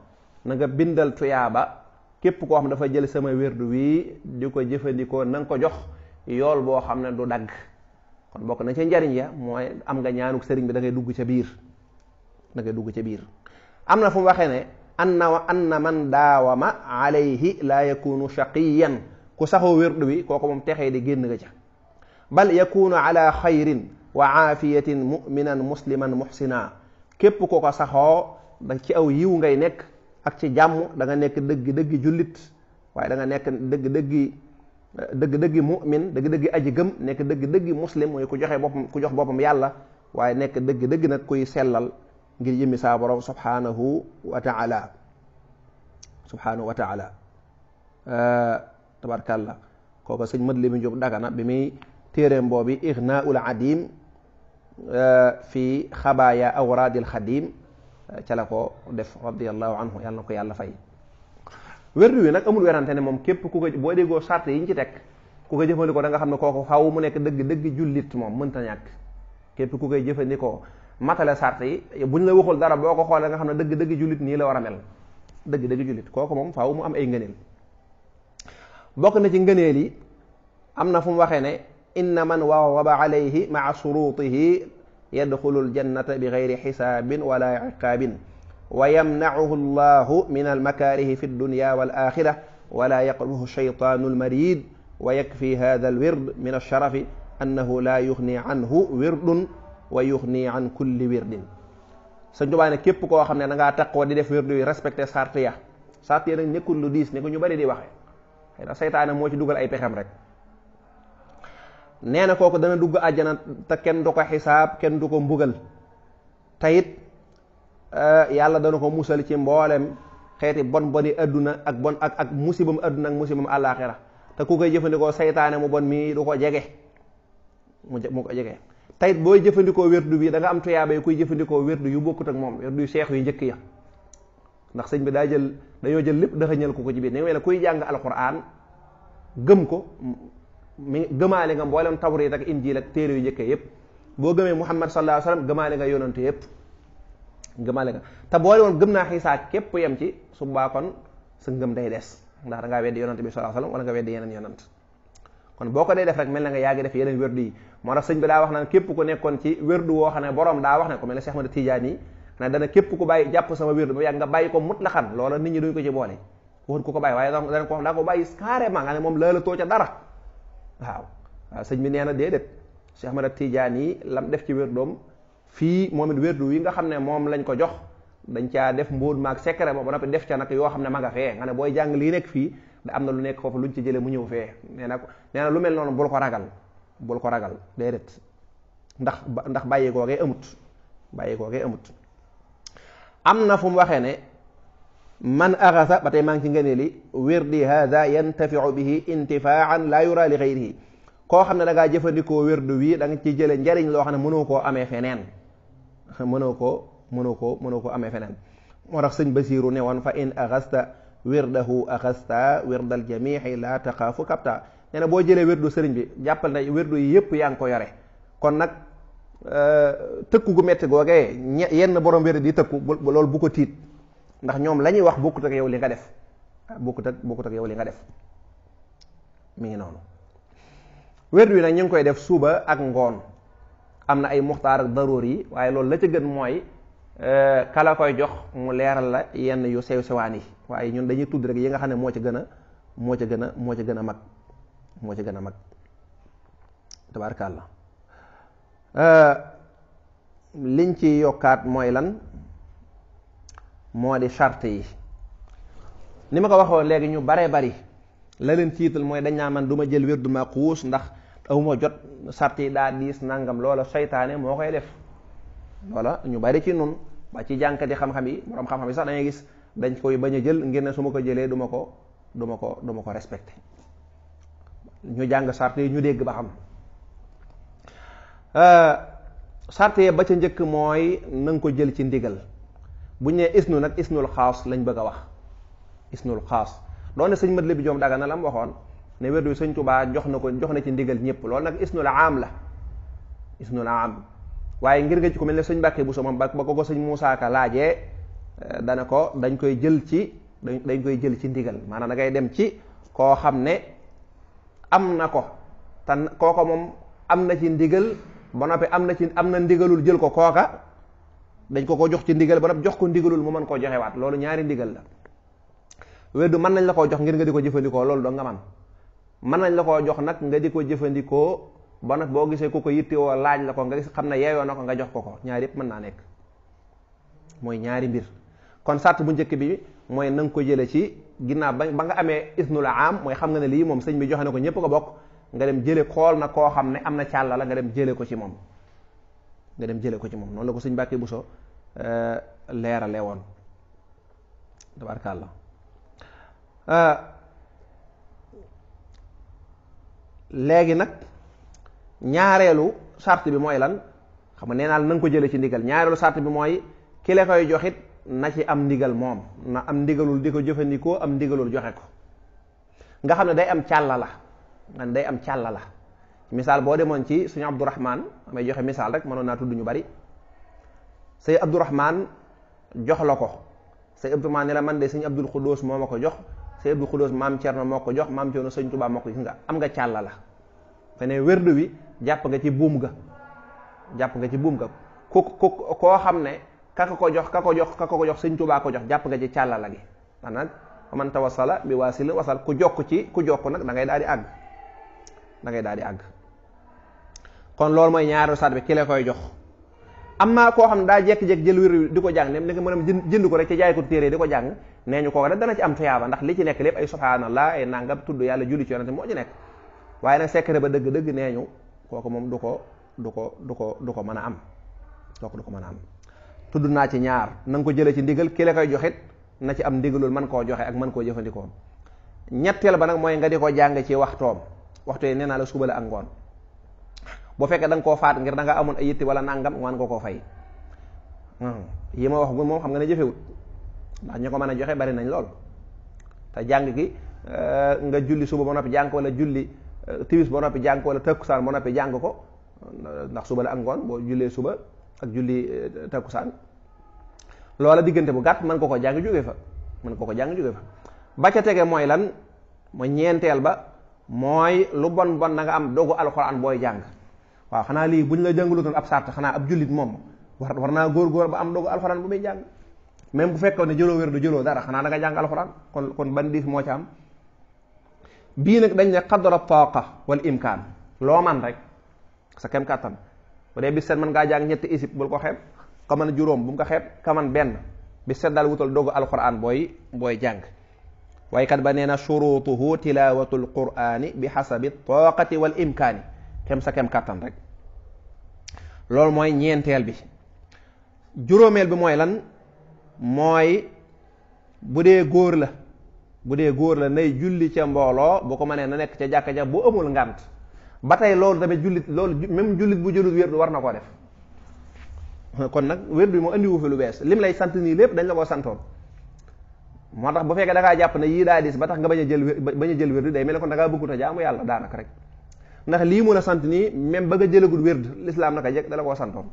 na nga bindal tuyaaba képp koo xam dafa jël sama wérdu wii di ko jëfandikoo na ko jox yool boo xam ne du dagg kon bokk na ca njariñ ya mooy am nga ñaanuk sëriñ bi da dugg ca biir dangay dugg ca biir am na fu mu waxee ne anna wa anna man daawama alayhi laa yakunu shaqiyan ku saxoo wérdu wi kooku moom texee di génn nga ca bal yakunu ala xayrin wa aafiyatin muminan musliman muxsina képp ko ko saxoo da ci aw yiw ngay nekk ak ci jàmm da nekk dëgg dëggi jullit waaye da nekk dëgg dëggi dëgg dëggi mumin dëgg dëggi nekk dëgg dëggi muslim mooy ku joxe boppam ku jox boppam yàlla waaye nekk dëgg dëgg nag koy sellal ngir jëmmi saa borom subhanahu wa taala subhanahu wa taala tabarkàlla kooka sëñ mët li mu jóg dagana bi muy téeréem boobi ixnaul adim fi xabaaya awraadil xadim ca ko def radiallahu anhu yàlla ko yàlla fay werdu wi nag amul werante ne moom képp ku ko boo déggoo sart yi ñu ci teg ku ko jëfandikoo da nga xam ne kooku xaw mu nekk dëgg dëgg jullit moom mënta ñàkk képp ku koy jëfandikoo matale sart yi buñ la waxul dara boo ko xoolee nga xam ne dëgg dëgg jullit nii la war a mel dëgg dëgg jullit kooku moom faaw mu am ay ngëneel bokk na ci ngëneel yi am na fu mu waxee ne inna man wawaba alayhi maa surutihi yadxulu ljannata bi geyri xisaabin wala iqaabin wa yamnacuhu allahu min almakaarihi fi dunya wal axira wala yaqruhu shaytaanu almarid wa yakfi hada alwird min alsharafi annahu la yugni anhu wirdun wa yuxni an kulli wirdin sëñ Tuubaa ne képp koo xam ne da ngaa taqoo di def wirdu yi respecté sart ya sart ya nag nekkul lu diis ne ñu bari di waxe seytaane moo ci dugal ay pexem rek nee na kooku dana dugg àjjana te kenn du ko xisaab kenn du ko mbugal te it eh, yàlla dana ko musal ci mboolem xeeti bon boni adduna ak bon ak ak musibam adduna ak musibam àllaaxira te ku koy jëfandikoo seytaane mu bon mii du ko jege mu ko jege tayit booy jëfandikoo wérdu bi da nga am tuyaaba yi jëfandikoo wérdu yu bokkut ak moom wérdu yu seex yu njëkk ya ndax sëñ bi daa jël dañoo jël lépp dëxëñal ko ko ci biir ne la kuy jàng alquran gëm ko mi gëmaale nga mboolem tawriit ak injiil ak téere yu njëkkee yépp boo gëmee muhammad sallallahu alayhi wasallam gëmaale nga yonante yépp gëmaale nga te boole woon gëm naa xiisaa képp yem ci su baa kon sa ngëm day des ndax da ngaa weddi yonante bi sallallahu alayhi wasallam wala nga weddi yeneen yonant kon boo ko dee def rek mel na nga yaa ngi def yeneen wérdu yi moo tax sëñ bi daa wax naan képp ku nekkoon ci wérdu woo xam ne borom daa wax ne ko mel ne Cheikh Ahmad Tidiane yi na képp ku bàyyi jàpp sama wérdu ba yàgg nga bàyyi ko mutlaxan loola nit ñi duñ ko ci boole woon ku ko bàyyi waaye dana ko wax ne moom laa la too waaw waaw sëñ nee na déedéet Cheikh Ahmad Tidiane yi lam def ci doom fii moom it wérdu yi nga xam ne moom lañ ko jox dañ caa def mbóot maag secret ba ba noppi def ca nag yoo xam ne maga nga fee nga ne booy jàng lii nekk fii da am na lu nekk foofu luñ ci jëlee mu ñëw fee nee na nee na lu mel noonu bul ko ragal bul ko ragal déedéet ndax ndax bàyyi googee amut bàyyi googee amut am na fu mu waxee ne man axasa ba tey maa ngi ci ngënee li wirdi haada yantafiu bihi intifaan laa yura li koo xam ne dangaa jëfandikoo wirdu wii da nga ciy jële njariñ loo xam ne mënoo koo amee feneen mënoo koo mënoo koo mënoo koo amee feneen moo tax sëñ basiiru ne woon fa in axasta wirdahu axasta wirdal jamihi laa taxaafu kapta nee boo jëlee wérdu sëriñ bi jàppal na wérdu yi yëpp yaa ngi ko yore kon nag euh, tëkku gu metti googee yenn borom wér di tëkku bu loolu bu ko tiit ndax ñoom la ñuy wax bokkut ak yow li nga def ah, bokkut ak bokkut ak nga def mi ngi noonu wérdu yi nag ñu ngi koy def suba ak ngoon am na ay muxtaar ak daruur yi waaye loolu la ca gën mooy euh, kalaa koy jox mu leeral la yenn yu sew sewaan yi waaye ñun dañuy tudd rek yi nga xam ne moo ci gën a moo ci gën a moo ci gën a mag moo ci gën a mag tabaarkàlla euh, liñ ci yokkaat mooy lan moo di charte yi ni ma ko waxoon léegi ñu baree bari la leen tiital mooy dañ naa man duma jël wér du xuus ndax awuma jot charte yi daa diis nangam loola seytaane moo koy def loola ñu bari ci nun ba ci jànkati xam-xam yi borom xam-xam yi sax dangay gis dañ koy bañ a jël ngir ne su ma ko jëlee duma ko du ma ko duma ko respecté ñu jàng sart yi ñu dégg ba xam euh, sart yi ba ca njëkk mooy na ko jël ci ndigal bu ñu nee isnu nag isnul xaas lañ bëgg a wax isnul xaas doone sëñ mat bi joom daga na la mu waxoon ne wérdu sëñ Tubaa jox na ko jox na ci ndigal ñëpp loolu nag isnul aam la isnul aam waaye ngir nga ci ko mel ne sëñ Mbàkke bu so moom ba ko ko sëñ Muusaa laajee euh, dana ko dañ koy jël ci dañ koy jël ci ndigal maanaam dangay dem ci koo xam ne am na ko tan kooka moom am na ci ndigal ba noppi am na ci am na ndigalul jël ko kooka dañ ko ko jox ci ndigal ba noppi jox ko ndigalul mu mën koo joxewaat loolu ñaari ndigal la weddu mën nañ la koo jox ngir nga di ko jëfandikoo loolu doo nga man mën nañ la koo jox nag nga di ko jëfandikoo ba nag boo gisee ku ko yittewoo laaj la ko nga gis xam ne yeeyoo na ko nga jox ko ko ñaari yëpp mën naa nekk mooy ñaari mbir kon sàrt bu njëkk bi mooy na nga ko jële ci ginnaaw ba ba nga amee isnul am mooy xam nga ne lii moom sëñ bi joxe na ko ñépp ko bokk nga dem jële xool na koo xam ne am na càlla la nga dem ko ci moom nga dem jële ko ci moom noonu la ko sëñ bu so euh, leerale woon tabaarkàlla euh, léegi nag ñaareelu sart bi mooy lan xam nga nee naa la na nga ko jële ci ndigal ñaareelu sart bi mooy ki la koy joxit na ci am ndigal moom na am ndigalul di ko jëfandikoo am ndigalul joxe ko nga xam ne day am càlla la man day am càlla la misaal boo demoon ci suñu abdourahman may joxe misaal rek mënoon naa tudd ñu bari say abdourahman jox la ko say abdourahman ne la man de sëñ abdul xudóos moo ma ko jox say abdul xudóos maam cerno moo ko jox maam cerno sëñ tubaa moo ko gis nga am nga càllala la te ne wi jàpp nga ci buum ga jàpp nga ci buum ga ku ka ko ko jox ka ko jox ka ko jox sëñ Tuubaa ko jox jàpp nga ci càllala gi ndax nag man tawassala bi waasila wasal ku jokk ci ku jokk nag dangay daal di àgg da ngay daal di àgg kon loolu mooy ñaareelu saat bi ki la koy jox am naa koo xam ne daa jekk-jekk jël wér di ko jàng ne da nga mën a jënd ko rek ci jaay ko téere di ko jàng nee ñu kooku rek dana ci am tuyaaba ndax li ci nekk lépp ay subhanallah ay nangam tudd yàlla julli ci yonante moo ci nekk waaye nag secret ba dëgg-dëgg nee ñu kooku moom du ko du ko du ko du ko mën a am kooku du ko mën a am tudd naa ci ñaar na ko jëlee ci ndigal ki la koy joxit na ci am ndigalul man koo joxe ak man koo jëfandikoo ñetteel ba nag mooy nga di ko jàng ci waxtoom waxtu yi nee naa la suba la ak fekkee da nga faat ngir da amoon ay yitti wala nangam waan nga koo fay hmm. yi ma wax gu moom xam nga ne jëfewut ñu ko mën a joxe bari nañ lool te jàng gi eh, nga julli suba ba noppi jàng ko julli eh, tiwis ba noppi jàng ko wala takkusaan ba noppi jàng ko suba la ak ngoon boo jullee suba ak julli eh, takkusaan loola diggante bu gàtt mën ko ko jàng jóge fa mën ko ko jàng jóge fa ba ca tege mooy lan ma ñeenteel ba mooy lu bon bon na nga am dogu alxuraan booy jàng waaw xanaa lii bu ñu la jàngulutoon ab sart xanaa ab jullit moom war war naa góor-góor ba am dogu alxuraan bu muy jàng même bu fekkoon ne jëloo wér du jëloo dara xanaa da nga jàng alxuraan kon kon ban diis moo ca am bii nag dañ ne qadra taaqa wal imkaan loo man rek sa kem bu dee bis set mën ngaa jàng ñetti isib bul ko xeeb kaman juróom bu mu ko xeeb kaman benn bis set daal wutal dogu alquran booy booy jàng waykat ba nee na shurutuhu tilawatu alqurani bi xasabi tooqati wal imkaani kem sa kem kàttan rek loolu mooy ñeenteel bi juróomeel bi mooy lan mooy bu dee góor la bu dee góor la nay julli ca mbooloo bu ko mënee na nekk ca jàkka ja bu amul ngànt ba tey loolu tamit jullit loolu même jullit bu jëlut wérdu war na koo def kon nag bi moo andiwu lu bees lim lay sant nii lépp dañ la koo santoon moo tax bu fekkee da ngaa jàpp ne yii daa dis ba tax nga bañ a jël bañ a jël wérdu day mel ne kon da ngaa bëggut a jaamu yàlla daanaka rek ndax lii mu a sant nii même ba nga jëlagul wérdu lislaam naka jekk dala koo santoon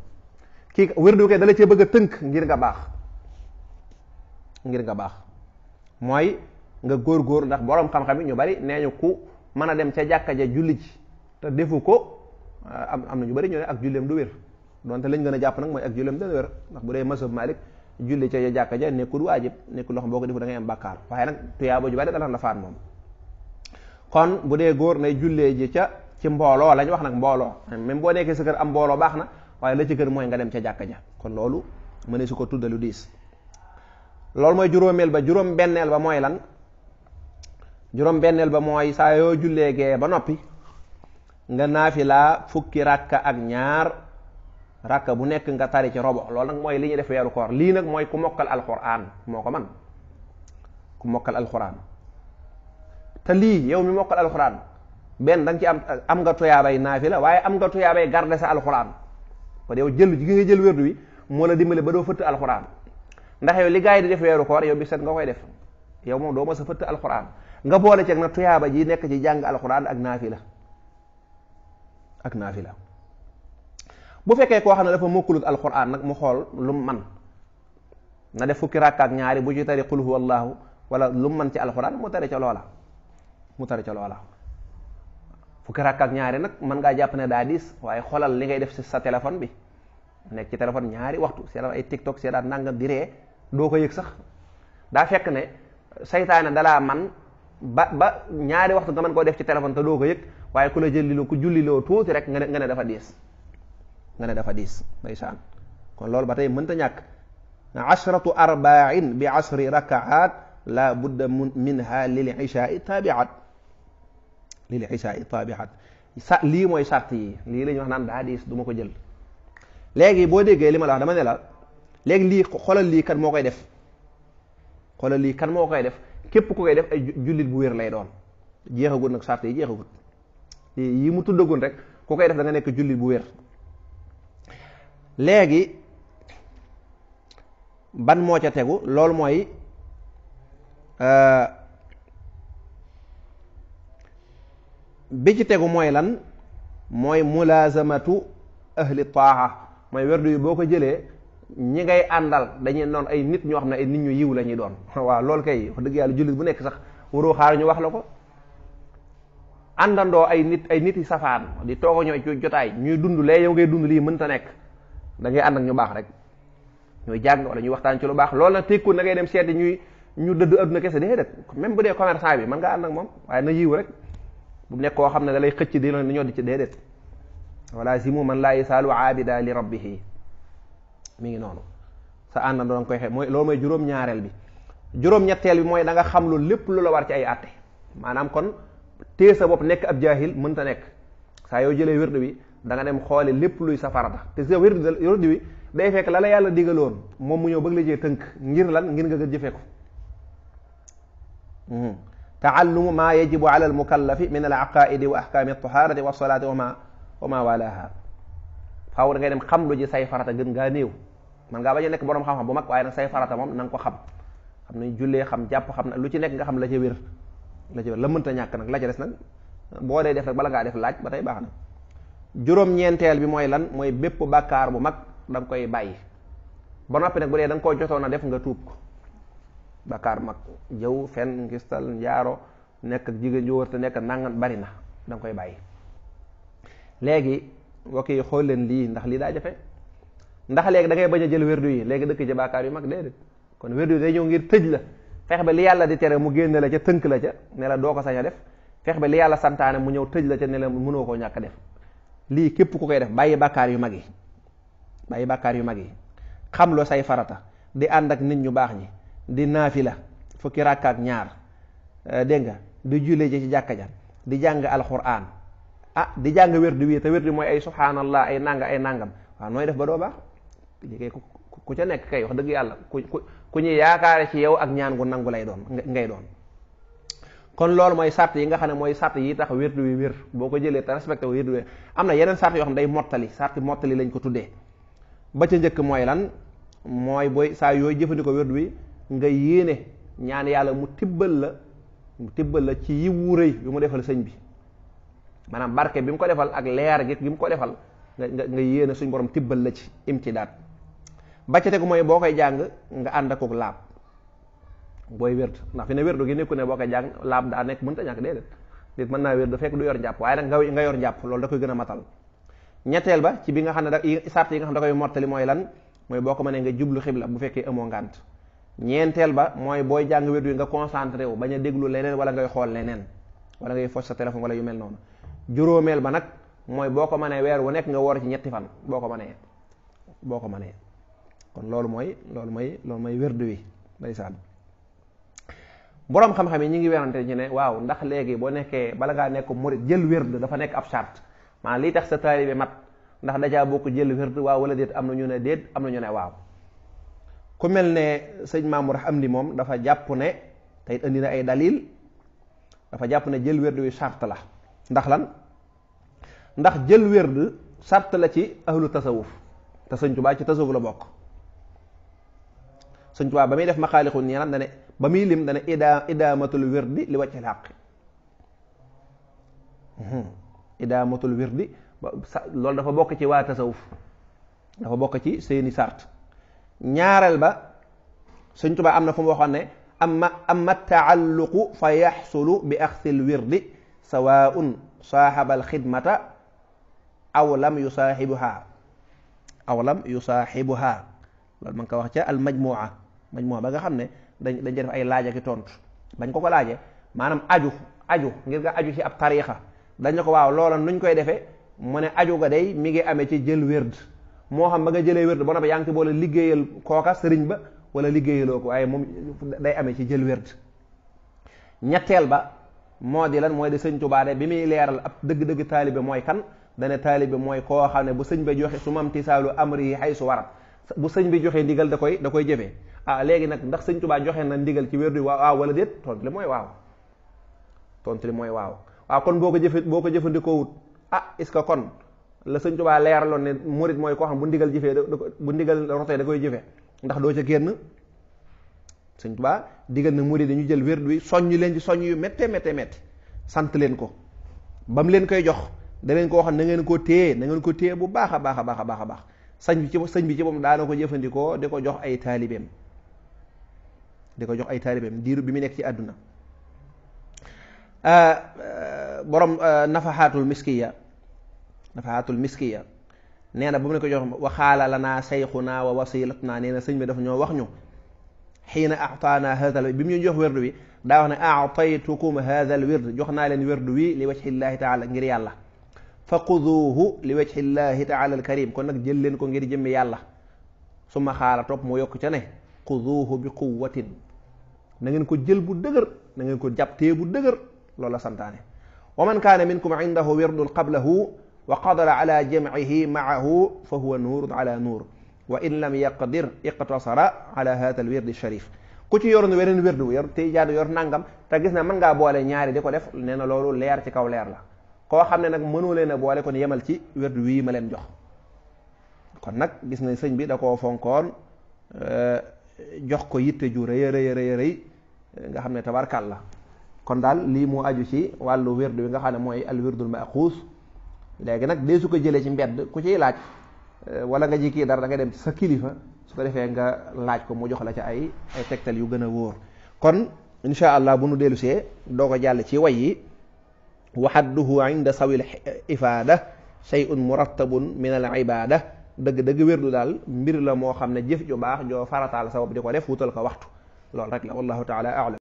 kii wérdu kay dala cee bëgg a tënk ngir nga baax ngir nga baax mooy nga góor góor ndax borom xam yi ñu bari nee ñu ku mën a dem ca jàkka ja ji te defu ko ah, am am na ñu bari ñu ne ak julleem du wér donte lañ gën a jàpp nag mooy ak julleem dana wér ndax bu dee masab Malik julli ca jàkka ja nekkul waajib nekkul loo xam boo ko defu da ngay am bàkkaar waaye nag tuyaaba ju bari dana faat moom kon bu dee góor nay jullee ji ca ci mbooloo lañ wax nag mbooloo même boo nekkee sa kër am mbooloo baax na waaye la ci kër mooy nga dem ca jàkka ja kon loolu mën mëne si ko tuddalu diis loolu mooy juróomeel ba juróom benneel ba mooy lan juróom benneel ba mooy saa yoo jullee ba noppi nga naafila fukki rakka ak ñaar rakka bu nekk nga tari ci robo loolu nag mooy li ñuy def weeru koor lii nag mooy ku mokkal alquran moo ko man ku mokkal alxuraan te lii yow mi mokkal alxuraan benn da ci am am nga tuyaabay naafila waaye am nga tuyaabay garde sa alquran kon yow jël ji nga jël wérdu wi moo la dimbale ba doo fëtt alquran ndax yow li gars yi di def weeru koor yow bi set nga koy def yow moom doo ma sa fëtt alxuraan nga boole ceeg na tuyaaba ji nekk ci jàng alquran ak naafila ak naafila bu fekkee koo xam ne dafa mokkulut alquran nag mu xool lu mu man na def fukki rakka ak ñaari bu ci tari qul huwa allahu wala lu mu man ci alquran mu tari ca loola mu tari ca loola fukki rakka ak ñaari nag mën ngaa jàpp ne daa diis waaye xoolal li ngay def si sa téléphone bi nekk ci téléphone ñaari waxtu seetaan ay tiktok seetaan nangam di ko yëg sax daa fekk ne saytaane dalaa man ba ba ñaari waxtu nga mën koo def ci téléphone te doo ko yëg waaye ku la jëlliloo ku julliloo tuuti rek nga ne nga ne dafa diis nga ne dafa diis ndeysaan kon loolu ba tey mënta ñàkk ashratu arbain bi ashri rakaat la budda minha lil ishaai taabiat lil ishaai taabiat sa lii mooy sart yi lii la ñuy wax naan daa diis du ma ko jël léegi boo déggee li ma la dama ne la léegi lii xoolal lii kan moo koy def xoolal lii kan moo koy def képp ku koy def ay jullit bu wér lay doon jeexagut nag sart yi jeexagut yii mu tuddagoon rek ku koy def da nga nekk jullit bu wér léegi ban moo ca tegu loolu mooy euh, bi ci tegu mooy lan mooy mulazamatu ahli taaxa mooy werdu yi boo ko jëlee ñi ngay àndal dañuy noon ay nit ñoo xam ne ay nit ñu yiw la ñuy doon waaw loolu kay wax yàlla jullit bu nekk sax waroo ñu wax la ko àndandoo ay nit ay nit yi safaan di tooga ñoo ci jotaay ñuy dund lee yow ngay dund lii mënta nekk da ngay ànd ak ñu baax rek ñuy jàng wala ñuy waxtaan ci lu baax loolu nag tekkul na ngay dem seeti ñuy ñu dëdd adduna kese déedéet même bu dee commerçant bi mën nga ànd ak moom waaye na yiw rek bu nekk koo xam ne da lay xëcc di la ñoo di ci déedéet si zimu man laa isaalu aabida li rabbihi mu ngi noonu sa àndandoo nga koy xe mooy loolu mooy juróom-ñaareel bi juróom-ñetteel bi mooy da nga xam lu lépp lu la war ci ay àtte maanaam téye sa bopp nekk ab jaahil mënta nekk saa yoo jëlee wérdu wi da dem xoole lépp luy sa farata te sa wérdu wérdu wi day fekk la la yàlla digaloon moom mu ñëw bëgg la tënk ngir lan ngir nga gën jëfee ko hmm. taallumu maa yajibu ala al mukallafi min al aqaidi wa ahkaami taharati wa salaati wa ma wa ma walaha da ngay dem xam lu ji say farata gën ngaa néew man ngaa bañ a nekk borom xam-xam bu mag waaye nag say farata moom na ko xam xam nañ jullee xam jàpp xam na lu ci nekk nga xam la ca wér la ci la mënta ñàkk nag la ca des nag boo dee def ba la ngaa def laaj ba tey baax na juróom-ñeenteel bi mooy lan mooy bépp bakkaar bu mag da koy bàyyi ba noppi nag bu dee da koo jotoon a def nga tuub ko bàkkaar mag jëw fen ngistal njaaro nekk jigéen ju wër nekk nangan bari na da koy bàyyi léegi mbokk yi xool leen lii ndax lii daa jafe ndax léegi da ngay bañ a jël werdu yi léegi dëkk ci bàkkaar yu mag de kon werdu yi day ñëw ngir tëj la fex ba li yàlla di tere mu génn la ca tënk la ca ne la doo ko sañ a def fex ba li yàlla santaane mu ñëw tëj la ca ne la mënoo koo ñàkk def lii képp ku koy def bàyyi bàkkaar yu mag yi bàyyi yu mag yi xam loo say farata di ànd ak nit ñu baax ñi di naafi la fukki ràkk ak ñaar eh, dégg nga di jullee ji ci jàkka ja di jàng alxuraan ah di jàng wér di wii te wér di mooy ay subhaanallah ay nanga ay nangam waaw nooy def ba doo baax ku ca nekk kay wax dëgg yàlla ku ku ku ñu yaakaare ci yow ak ñaan gu nangu lay doon ngay doon kon loolu mooy sart yi nga xam ne mooy sart yi tax wérdu wi wér boo ko jëlee te respecté wu wérdu wi am na yeneen sart yoo xam ne day mottali sart mottali lañ ko tuddee ba ca njëkk mooy lan mooy booy saa yooyu jëfandikoo wérdu wi nga yéene ñaan yàlla mu tibbal la mu tibbal la ci yiwu rëy bi mu defal sëñ bi maanaam barke bi mu ko defal ak leer gi bi mu ko defal nga nga yéene suñ borom tibbal la ci imtidaat ba ca tegu boo koy jàng nga ànd ak laab booy wérd ndax fi ne wérdu gi nekku ne boo koy jàng laab daa nekk mënta ñàkk déedéet nit mën naa wérdu fekk du yor njàpp waaye nag nga yor njàpp loolu da koy matal ñetteel ba ci bi nga xam ne da sart yi da koy mottali mooy lan mooy boo ko mënee nga jublu xibla bu fekkee amoo ngànt ñeenteel ba mooy booy jàng wérdu yi nga concentré wu bañ a déglu leneen wala ngay xool leneen wala ngay fos sa téléphone wala yu mel noonu juróomeel ba nag mooy boo ko mënee weer wu nekk nga woor ci ñetti fan boo ko mënee boo ko mënee kon loolu mooy loolu mooy loolu mooy wérdu wi ndeysaan boroom xam-xam yi ñu ngi werante ci ne waaw ndax léegi boo nekkee bala ngaa nekk mu jël wérd dafa nekk ab charte maanaam lii tax sa taalibe mat ndax dajaa bokk jël wérd waaw wala déet am na ñu ne déet am na ñu ne waaw ku mel ne sëñ am Hamdi moom dafa jàpp ne tey indi na ay dalil dafa jàpp ne jël wérd wi charte la ndax lan ndax jël wérd charte la ci ahlu tasawuf te sëñ Tuubaa ci tasawuf la bokk Sëñ ba muy def maxaalixu ñenam dane ba muy lim dane ida idaamatul wirdi li wàccil xàq hmm. idaamatul wirdi loolu dafa bokk ci waa tasawuf dafa bokk ci seeni sart ñaareel ba Sëñ Tuubaa am na fu mu waxoon ne amma amma taalluqu fa yaxsulu bi axsil wirdi sawaun saaxabal xidmata aw lam yusaaxibuha aw lam yusaaxibuha loolu ma ngi wax ca almajmuca majmuwa ba nga xam ne dañ dañ def ay laaj ak tontu bañ ko ko laajee maanaam aju aju ngir nga aju si ab tariixa dañ ko waaw loola nuñ koy defee mu ne aju nga dey mi ngi amee ci jël wérd moo xam ba nga jëlee wérd ba noppi yaa ngi kooka sëriñ ba wala liggéeyaloo ko waaye moom day amee ci jël wérd ñetteel ba moo di lan mooy di sëñ Tuubaa bi muy leeral ab dëgg-dëgg taalibe mooy kan dana taalibe mooy koo xam ne sëñ ba joxe su mam tisaalu amri yi xay su warat bu sëñ bi joxee ndigal da koy da koy jëfee ah léegi nag ndax sëñ Tuubaa joxe na ndigal ci wérdu waaw wala déet tontu li mooy waaw tontu li mooy waaw waaw ah, kon boo ko jëfe boo ko jëfandikoo ah est-ce que kon la sëñ Tuubaa leeraloon ne murit mooy koo xam bu ndigal jëfee da bu ndigal rotee da koy jëfee ndax doo ca génn sëñ Tuubaa digal na murit dañu jël wérdu wi soññ leen ci soññ yu méttee méttee métti sant leen ko ba mu leen koy jox da leen ko wax na ngeen ko téye na ngeen ko téye bu baax a baax a baax a baax a baax sëñ bi ci sëñ bi ci moom daana ko jëfandikoo di ko jox ay taalibeem di ko jox ay taalibeem diiru bi mu nekk ci àdduna ah, ah, borom ah, nafaxaatul miskiya nafaxaatul miskiya na bu mu ne ko jox waxaala lanaa sayxunaa wa wasilatnaa nee sëñ bi dafa ñoo wax ñu xiina ataana haadal bi mu ñu jox werdu wi daa wax ne ataytukum haadal wird jox naa leen werdu wi li wajhi llaahi taala ngir yàlla fa xuduuhu li wajhi llaahi taala al kon nag jël leen ko ngir jëmm yàlla su xaala topp mu yokk ca ne xuduuhu bi quwwatin na ngeen ko jël bu dëgër na ngeen ko jàptee bu dëgër loola santaane wa man kaana minkum indahu wirdun qablahu wa qadara ala jamcihi maahu fa huwa nuurun ala nuur wa in lam yaqdir iqtasara ala haata alwirdi sharif ku ci yoroon weneen wirdu yor tey jaadu yor nangam te gis na mën ngaa boole ñaari di ko def nee na loolu leer ci kaw leer la koo xam ne nag mënoo leen a boole kon yemal ci wirdu wii ma leen jox kon nag gis na sëñ bi da koo fonkoon euh, jox ko yitte ju rëy a rëy rëy nga xam ne tabarkal la kon daal lii moo aju ci wàllu wirdu wi nga xam ne mooy al ma maxuus léegi nag dee su ko jëlee ci mbedd ku ciy laaj euh, wala nga ji kii dara da dem ci sa kilifa su ko defee nga laaj ko mu jox la ci ay tegtal yu gën a wóor kon insha allah bu nu dellu see doo ko jàll ci way yi waxadduhu inda sawil ifaada shay'un murattabun min al ibaada dëgg-dëgg wér wérdu daal mbir la moo xam ne jëf ju baax joo farataal sa bopp di ko def wutal ko waxtu loolu rek la wallahu taala aalam